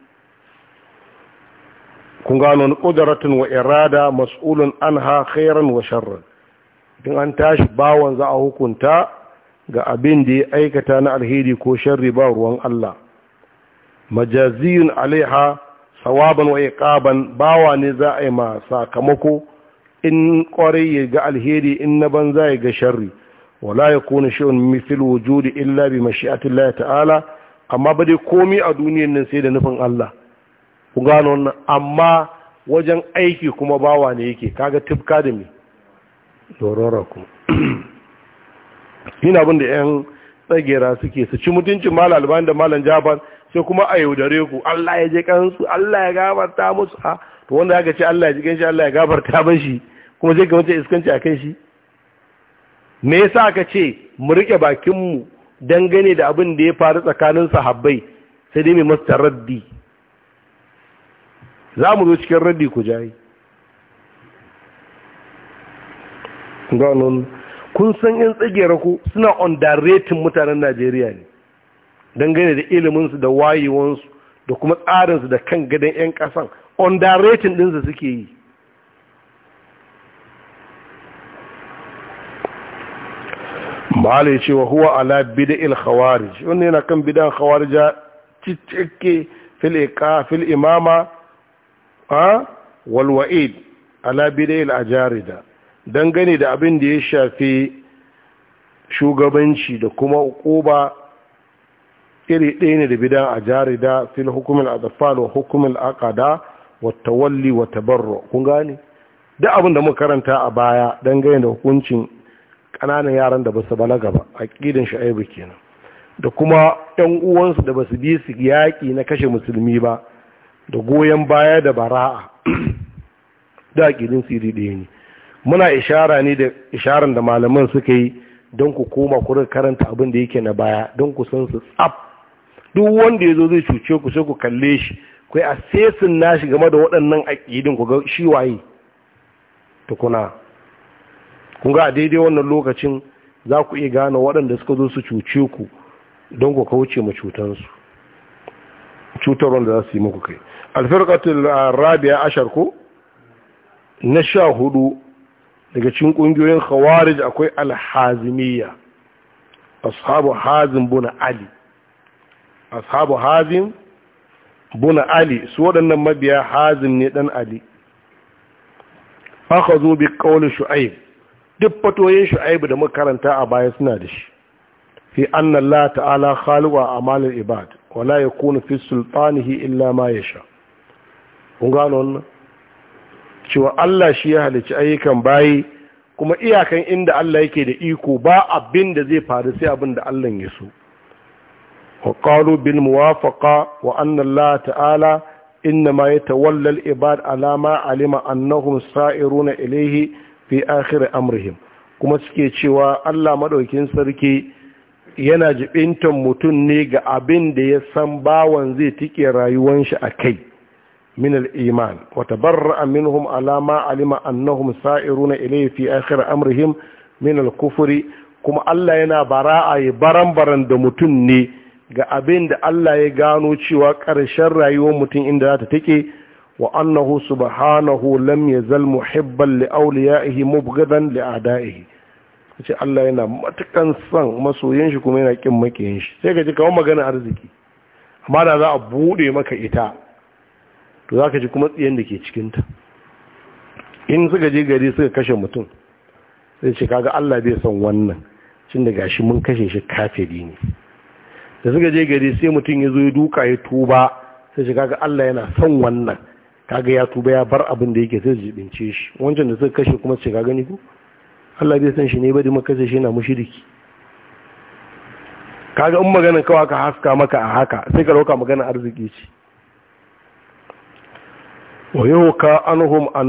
kun gano ƙudaratun wa irada mas'ulun ha khairan wa sharran in an tashi bawon za a hukunta ga abin da ya aikata na alheri ko sharri ba ruwan Allah majaziyun alaiha sawaban wa iqaban bawa ne za a yi ma sakamako in kwarai ya ga alheri in na banza ya ga sharri wala ya yakunu shay'un mithil wujudi illa bi mashi'atillahi ta'ala amma ba dai komai a duniyar nan sai da nufin Allah ku gano wannan amma wajen aiki kuma bawa ne yake kaga tifka da mi dorora ku yin abin da 'yan tsagera suke su ci mutuncin malam albani da malam jaban sai kuma a yaudare ku Allah ya je kansu Allah ya gafarta musu a ah, to wanda aka ce Allah ya ji kanshi Allah ya gafarta ban shi kuma zai kamata iskanci a kan shi me yasa aka ce mu rike bakin mu dangane da abin da ya faru tsakanin sahabbai sai dai mai masu za mu zo cikin raddi ku jayi ganon kun san yan tsagera ku suna underrating mutanen najeriya ne dangane da iliminsu da wayewansu da kuma tsarinsu da kan gadon yan kasan underrating dinsu suke yi malai cewa huwa ala bida il khawarij yana kan bidan khawarija cikakke fil imama a walwa'id ala bidayil ajarida dangane da abin da ya shafi shugabanci da kuma ukuba iri ɗaya ne da bidan a jarida fil hukumin adafal wa hukumin akada wa tawalli wa barro. kun gane duk abin da muka karanta a baya dangane da hukuncin ƙananan yaran da ba su balaga ba a ƙidan sha'ibu kenan da kuma 'yan uwansu da ba su bi su yaƙi na kashe musulmi ba da goyon baya da bara'a da aƙidin siri ɗaya ne muna ishara ne da isharar da malaman suka yi don ku koma ku karanta abin da yake na baya don ku san su tsaf duk wanda ya zo zai cuce ku sai ku kalle shi ku yi asesin nashi game da waɗannan aƙidin ku ga shi waye tukuna kun ga a daidai wannan lokacin za ku iya gane waɗanda suka zo su cuce ku don ku kauce ma cutansu cutarwar da za su yi muku kai alfarkatun rabia ashar ko na sha hudu daga cikin ƙungiyoyin khawarij akwai alhazimiyya ashabu hazim buna ali ashabu hazim buna ali su waɗannan mabiya hazim ne ɗan ali aka zo bi ƙaunin shu'aib duk fatoyin shu'aib da makaranta a baya suna da shi fi annan la ta'ala khaliwa amalin ibad wala ya kuna fi sultanihi illa ma ya sha kun gano wannan cewa Allah shi ya halici ayyukan bayi kuma iyakan inda Allah yake da iko ba abin da zai faru sai abin da Allah ya so wa qalu bil muwafaqa wa anna Allah ta'ala innama yatawalla al ibada alama ma alima annahum sa'iruna ilayhi fi akhir amrihim kuma suke cewa Allah maɗaukin sarki yana jibintan mutum ne ga abin da ya san bawan zai tike rayuwan shi a kai min al-iman wa tabarra'a minhum ala ma alima annahum sa'iruna ilayhi fi akhir amrihim min al kufuri. kuma Allah yana bara'a ya baran-baran da mutum ne ga abin da Allah ya gano cewa ƙarshen rayuwar mutum inda za ta take wa annahu subhanahu lam yazal muhibban li awliyaihi mubghadan li a'daihi ce Allah yana matukan son masoyin shi kuma yana kin makiyin shi sai ka ji kawo magana arziki amma da za a bude maka ita to za ka ji kuma tsiyan da ke cikinta in suka je gari suka kashe mutum sai ce kaga Allah bai son wannan cin da gashi mun kashe shi kafiri ne da suka je gari sai mutum ya zo ya duka ya tuba sai shi kaga Allah yana son wannan kaga ya tuba ya bar abin da yake sai jibince shi wancan da suka kashe kuma sai ka gani ku Allah bai san shi ne bari makasa shi na Ka kaga in maganin kawa ka haska maka a haka sai ka dauka maganin arziki ce wa yuka ya tawaffa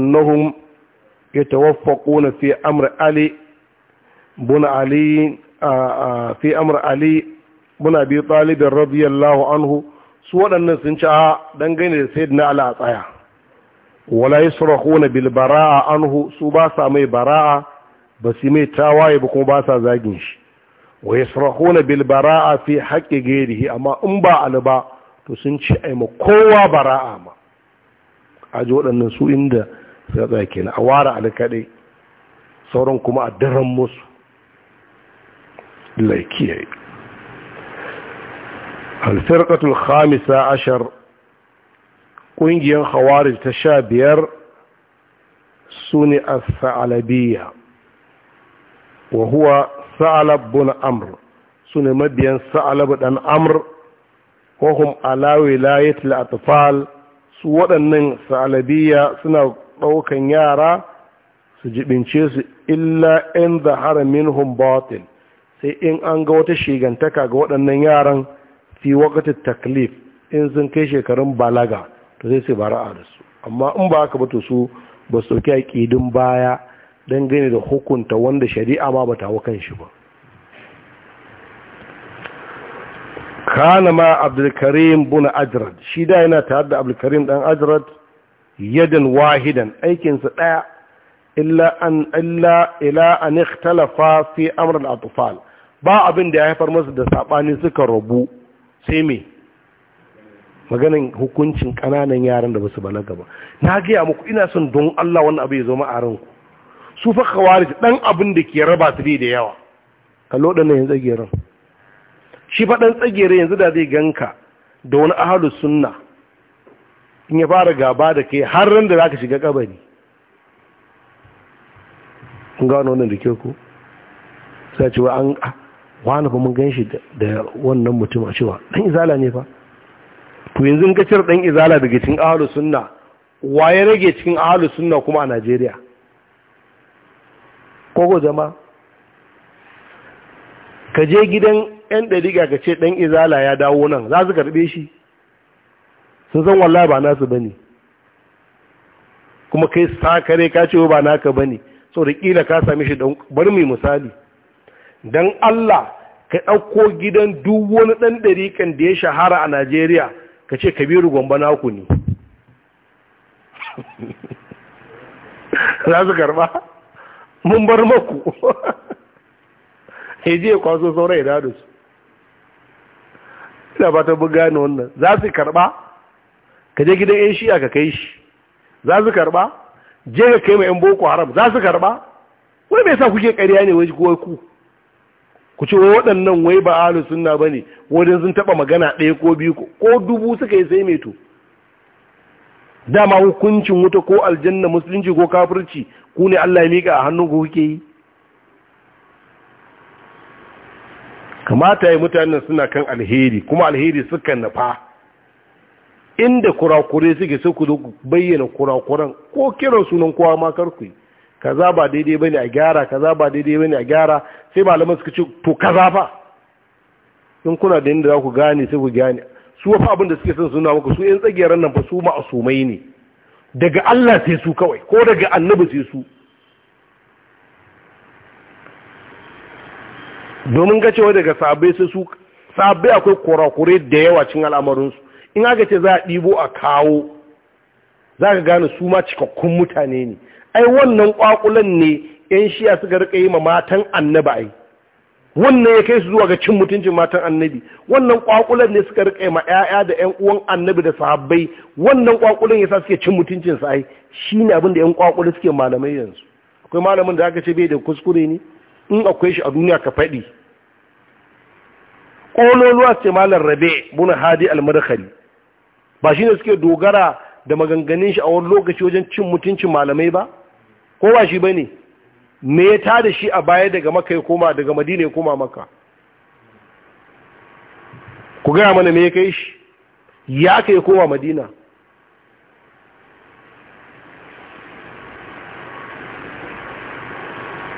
yatawaffaquna fi amur ali Buna ali fi amur ali radiyallahu anhu su waɗannan sun ci a dangane da na ala a tsaya wala yasrahuna bil bara'a anhu su ba sa mai bara'a ba su mai tawaye ba kuma ba sa zagin shi wa ya na bil bara'a fi haƙƙi ghairihi amma in ba ba to sun ci ai ma kowa bara'a ma ji waɗannan su inda suka tsaya kenan a ware kaɗai sauran kuma a daren musu laikiyai alfirkatul khamisa ashar ƙungiyar Hawari ta sha biyar su ne a sa'alabiya wa huwa sa'alab bin amr sune mabiyan sa'alab dan amr wa hum ala al atfal su wadannan sa'alabiya suna ɗaukan yara su jibince su illa in zahara minhum batil sai in an ga wata shigantaka ga waɗannan yaran fi wakati taklif in sun kai shekarun balaga to zai su bara a da su amma in ba haka ba to su ba su ɗauki kidin baya dangane da hukunta wanda shari'a ma bata wa kan shi ba kana ma abdulkarim buna ajrad shi da yana tare da abdulkarim dan ajrad yadan wahidan aikinsa daya illa an illa ila an ikhtalafa fi amr al-atfal ba abin da ya haifar masa da sabani suka rabu sai mai maganin hukuncin kananan yaran da basu balaga ba na gaya muku ina son don Allah wani abu ya zo ma a ranku su fa khawarij dan abin da ke raba su da yawa kallo dan yanzu tsageren shi fa dan tsagere yanzu da zai ganka da wani ahlus sunna in ya fara gaba da kai har ran da zaka shiga kabari kun gano wannan da kyau ko sai ce an ah, wani fa mun ganshi da wannan mutum a cewa dan izala ne fa to yanzu in ka cire dan izala daga cikin ahlus sunna waye rage cikin ahlus sunna kuma a Najeriya kogo jama ka je gidan 'yan ɗariƙa ka ce ɗan izala ya dawo nan za su karɓe shi sun san wallah ba nasu ba ne kuma kai sakare ka ce ba naka ba ne so da ƙila ka sami shi don bari mai misali don allah ka ɗauko gidan duk wani ɗan ɗariƙan da ya shahara a najeriya ka ce kabiru gwamba naku ne za su karɓa mun bar maku heji ya kwaso sauran da da su ina ba ta buga gane wannan za su karɓa ka je gidan yan shi'a ka kai shi za su karɓa je ka kai mai yan boko haram za su karɓa wai mai sa kuke ƙarya ne wai kuwa ku ku ce waɗannan wai ba alu suna ba ne wajen sun taɓa magana ɗaya ko biyu ko dubu suka yi sai mai to dama hukuncin wuta ko aljanna musulunci ko kafirci ku ne Allah ya mika a hannun ku kuke yi kamata ya mutanen suna kan alheri kuma alheri suka nafa inda kurakure suke sai ku zo ku bayyana kurakuran ko kiran sunan kowa ma kar ku kaza ba daidai bane a gyara kaza ba daidai bane a gyara sai malaman suka ce to kaza fa. in kuna da inda za ku gane sai ku gane su wafa abin da suke son suna maka su yan tsagiyar nan fa su ma'asumai ne daga Allah sai su kawai ko daga annabi sai su domin ga cewa daga sabai sai su sabai akwai kurakure da yawa cin al'amarinsu in aka ce za a ɗibo a kawo za ka gane su ma cikakkun mutane ne ai wannan ƙwaƙulan ne 'yan shiya suka rika yi ma matan annabi ai wannan ya kai su zuwa ga cin mutuncin matan annabi wannan kwakulan ne suka rike ma 'ya'ya da 'yan uwan annabi da sahabbai wannan kwakulan sa suke cin mutuncin sa ai shine abin da 'yan kwakulan suke malamai yanzu akwai malamin da aka ce bai da kuskure ne in akwai shi a duniya ka faɗi kololuwa ce malam rabe buna hadi almadkhali ba shine suke dogara da maganganun shi a wani lokaci wajen cin mutuncin malamai ba ko ba shi bane me ya tada shi a baya daga maka ya koma daga madina ya koma maka ku gaya mana me ya kai shi ya ka ya koma madina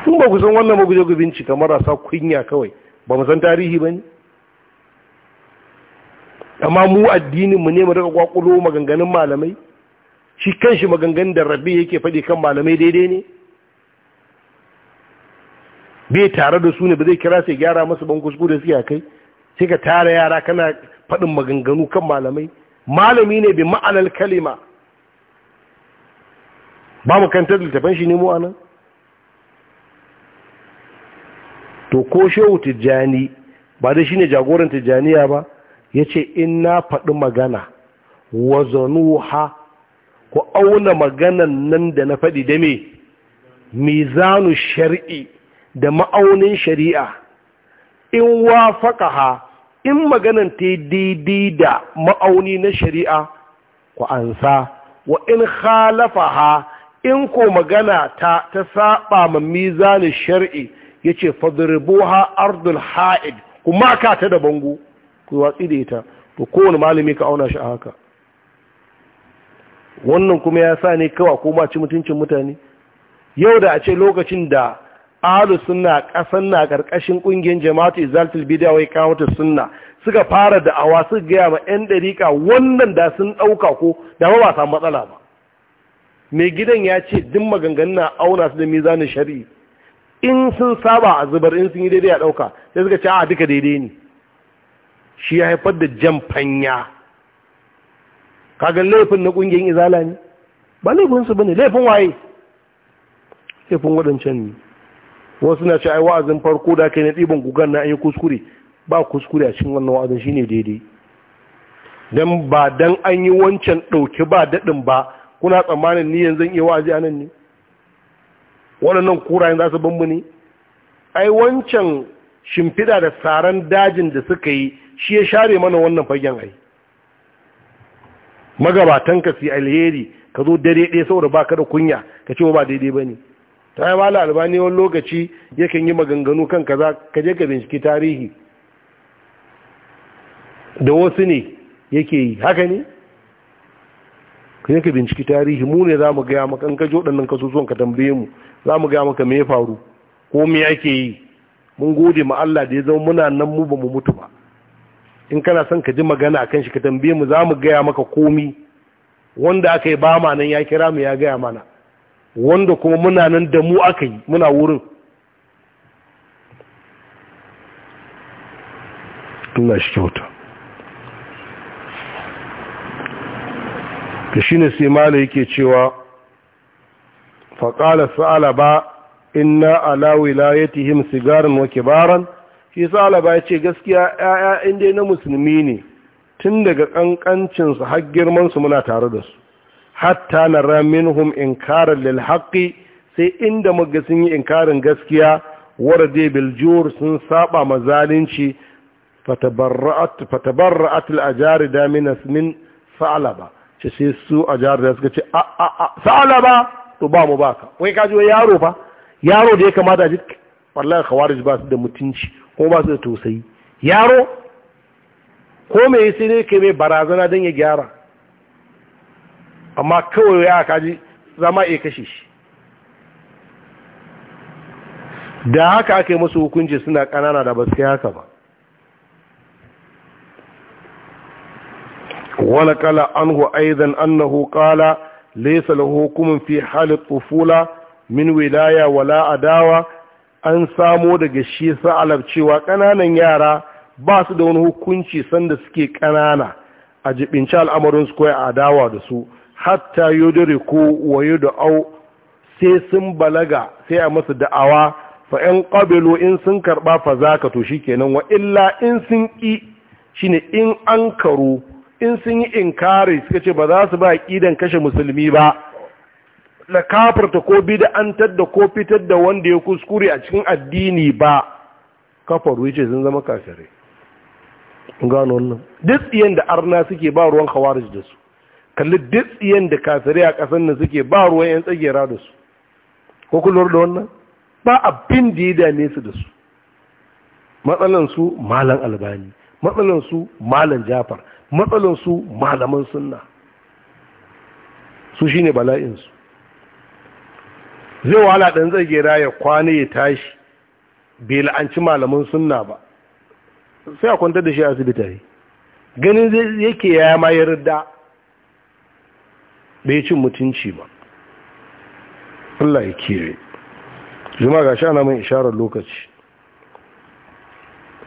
kun ba ku san wannan maguje ku bincika marasa kunya kawai ba mu san tarihi ba ne amma mu addinin mu ne mu daga kwakulo maganganun malamai shi kanshi maganganun da rabi yake faɗi kan malamai daidai ne bai tare da su ne ba zai kira sai gyara masu ban kuskure su kai sai ka tara yara kana faɗin maganganu kan malamai malami ne bi ma'anar kalima ba mu kantar littafan shi ne mu anan to ko shehu tijjani ba da shi ne jagoran tijjaniya ba ya ce in na faɗi magana wazanu ha ku auna maganan nan da na faɗi da me mizanu shari'i da ma'aunin shari'a in ha in maganan ta daidai da ma'auni na shari'a ku ansa wa in ha in ko magana ta ta saba ma mizanin shar'i yace ha ardul ha'id kuma ka ta da bango ku watsi da ita to kowane malami ka auna shi a haka wannan kuma ya sa ne kawa ko ma ci mutuncin mutane yau da a ce lokacin da ahalu suna kasan na karkashin kungiyar jama'atu izaltul bid'a wai ta suna suka fara da awa su gaya ma yan dariƙa wannan da sun ɗauka ko da ba samu matsala ba mai gidan ya ce duk maganganun na auna su da mizanin shari'i in sun saba a zubar in sun yi daidai a ɗauka sai suka ce a duka daidai ne shi ya haifar da jan fanya kagan laifin na ƙungiyar izala ne ba laifinsu ba ne laifin waye laifin waɗancan ne wasu na ce ai wa'azin farko da kai na ɗiban gugan na an yi kuskure ba kuskure a cikin wannan wa'azin shine daidai dan ba dan an yi wancan ɗauki ba daɗin ba kuna tsammanin ni yanzu iya wa'azi a nan ne waɗannan kurayen za su bambu ne ai wancan shimfiɗa da saran dajin da suka yi shi ya share mana wannan fagen ai magabatan ka siya alheri ka zo dare ɗaya saboda baka da kunya ka ce ba daidai ba ne ta yi mala albani wani lokaci yakan yi maganganu kan kaza ka je ka binciki tarihi da wasu ne yake yi haka ne ka je ka binciki tarihi mu ne za mu gaya maka in ka jo ɗannan kasusuwan ka tambaye mu za mu gaya maka mai ya faru ko me ake yi mun gode ma Allah da ya zama muna nan mu ba mu mutu ba in kana son ka ji magana akan shi ka tambaye mu za mu gaya maka komi wanda aka yi ba ma nan ya kira mu ya gaya mana wanda kuma muna nan da mu aka yi muna wurin Allah shi kyauta da shi ne sai mala yake cewa faƙala sa'ala ba inna ala wilayatihim sigarin wake baran, shi sa'ala ba ya ce gaskiya ‘ya'ya inda na musulmi ne tun daga ƙanƙancinsu har girmansu muna tare da su hatta nara minhum inkaran lil haqqi sai inda muga sun yi inkarin gaskiya warade bil jur sun saba mazalinci fatabarra'at fatabarra'at al ajarida min min sa'alaba ce sai su da suka ce a a a sa'alaba to ba mu ba ka wai kaji wai yaro ba yaro da ya kamata a ji wallahi khawarij ba su da mutunci ko ba su da tausayi yaro ko me sai ne ke mai barazana don ya gyara amma kawai ya kaji zama iya kashe shi da haka aka masu hukunci suna kanana da basu haka ba ونقل عنه أيضا أنه قال ليس له hukumin fi halin الطفولة min wilaya wala adawa an samo daga shi sa'alar cewa ƙananan yara ba su da wani hukunci sanda suke ƙanana a jibinci su kawai a adawa da su hatta yudriku wa yud'u sai sun balaga sai a masu da'awa fa in qabilu in sun karba fa zaka to shikenan wa illa in sun ki shine in an karu in sun yi inkari suka ce ba za su ba kidan kashe musulmi ba la kafirta ko bid'antar da ko fitar da wanda ya kuskure a cikin addini ba kafaru yace sun zama kafirai gano wannan duk tsiyen da arna suke ba ruwan khawarij da su kalli ditsiyan da kafirai a ƙasar nan suke ba ruwan 'yan tsagera da su ko kullum da wannan ba abin da ya dame su da su matsalansu malan albani matsalansu malan jafar matsalansu malaman sunna su shine bala'insu zai wahala ɗan tsagera ya kwana ya tashi bai la'anci malaman sunna ba sai a kwantar da shi asibita ganin yake ya ma yarda bai cin mutunci ba Allah ya kire juma ga sha na mai isharar lokaci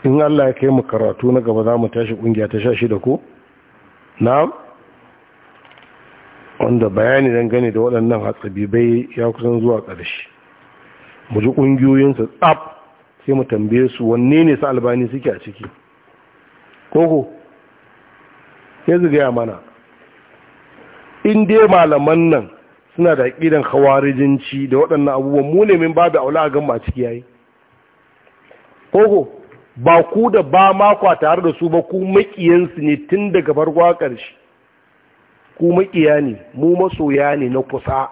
in Allah ya kai mu karatu na gaba za mu tashi kungiya ta sha shida ko na wanda bayani dangane da waɗannan hatsabibai ya kusan zuwa ƙarshe mu ji ƙungiyoyinsa tsab sai mu tambaye su wanne ne su albani suke a ciki koko sai su gaya mana in dai malaman nan suna da aƙidan hawarijinci da waɗannan abubuwan mu ne min babu aula a gan a ciki yayi koko ba ku da ba a tare da su ba ku maƙiyansu ne tun daga farko a ƙarshe ku maƙiya ne mu masoya ne na kusa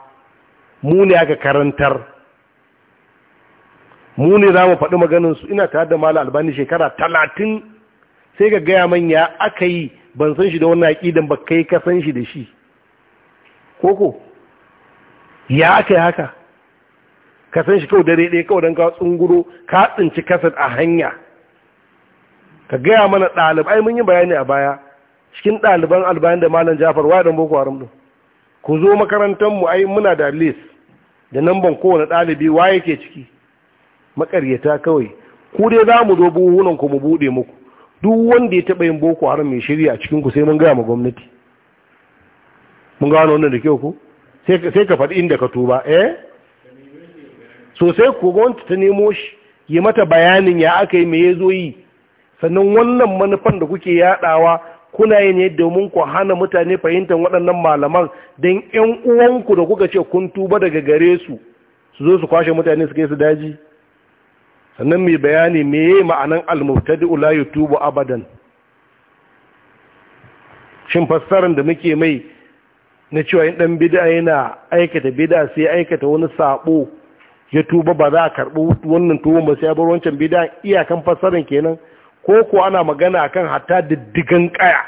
mu ne aka karantar mu ne za mu faɗi su ina tare da malam albani shekara talatin sai ka gaya man ya aka yi ban san shi da wani aƙidan ba kai ka san shi da shi koko ya aka yi haka ka san shi kawai dare ɗaya kawai don ka tsunguro ka tsinci kasar a hanya ka gaya mana ɗalibai mun yi bayani a baya cikin ɗaliban albayan da malam jafar wadan boko haram ɗin ku zo makarantarmu ai muna da lis da namban kowane ɗalibi wa yake ciki makaryata kawai ku dai za mu zo buhunan ku mu buɗe muku duk wanda ya taɓa yin boko haram mai shirya a cikin ku sai mun gaya ma gwamnati mun gano wannan da kyau ku sai ka faɗi inda ka tuba eh sosai ku gwamnati ta nemo shi yi mata bayanin ya aka yi mai ya zo yi sannan wannan manufan da kuke yaɗawa kuna yi ne domin ku hana mutane fahimtar waɗannan malaman don ƴan uwanku da kuka ce kun tuba daga gare su su zo su kwashe mutane su kai su daji sannan mai bayani me yi ma'anan al-mubtadi'u yutubu abadan shin fassarar da muke mai na cewa yin ɗan bida yana aikata bida sai aikata wani saɓo ya tuba ba za a karɓi wannan tuwon ba sai ya bar wancan bida iyakan fassarar kenan ko ko ana magana akan hatta diddigan kaya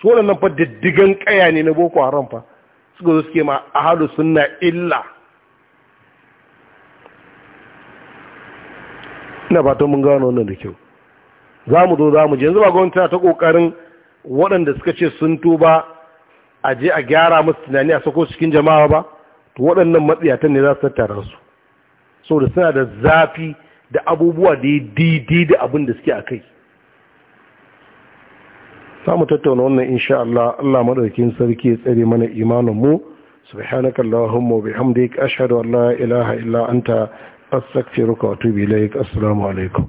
su waɗannan fa diddigan kaya ne na boko haram fa suka zo suke ma a hadu sunna illa ina ba ta mun gano wannan da kyau za mu zo za mu je yanzu ba gwamnati ta kokarin waɗanda suka ce sun tuba a je a gyara musu tunani a sako cikin jama'a ba to waɗannan matsiyatan ne za su tattara su saboda suna da zafi da abubuwa da ya daidai da abin da suke a kai samu tattauna wannan insha Allah Allah madaukakin sarki ya tsare mana imanin mu subhanaka allahumma wa bihamdik ashhadu an la ilaha illa anta astaghfiruka wa atubu ilaik assalamu alaikum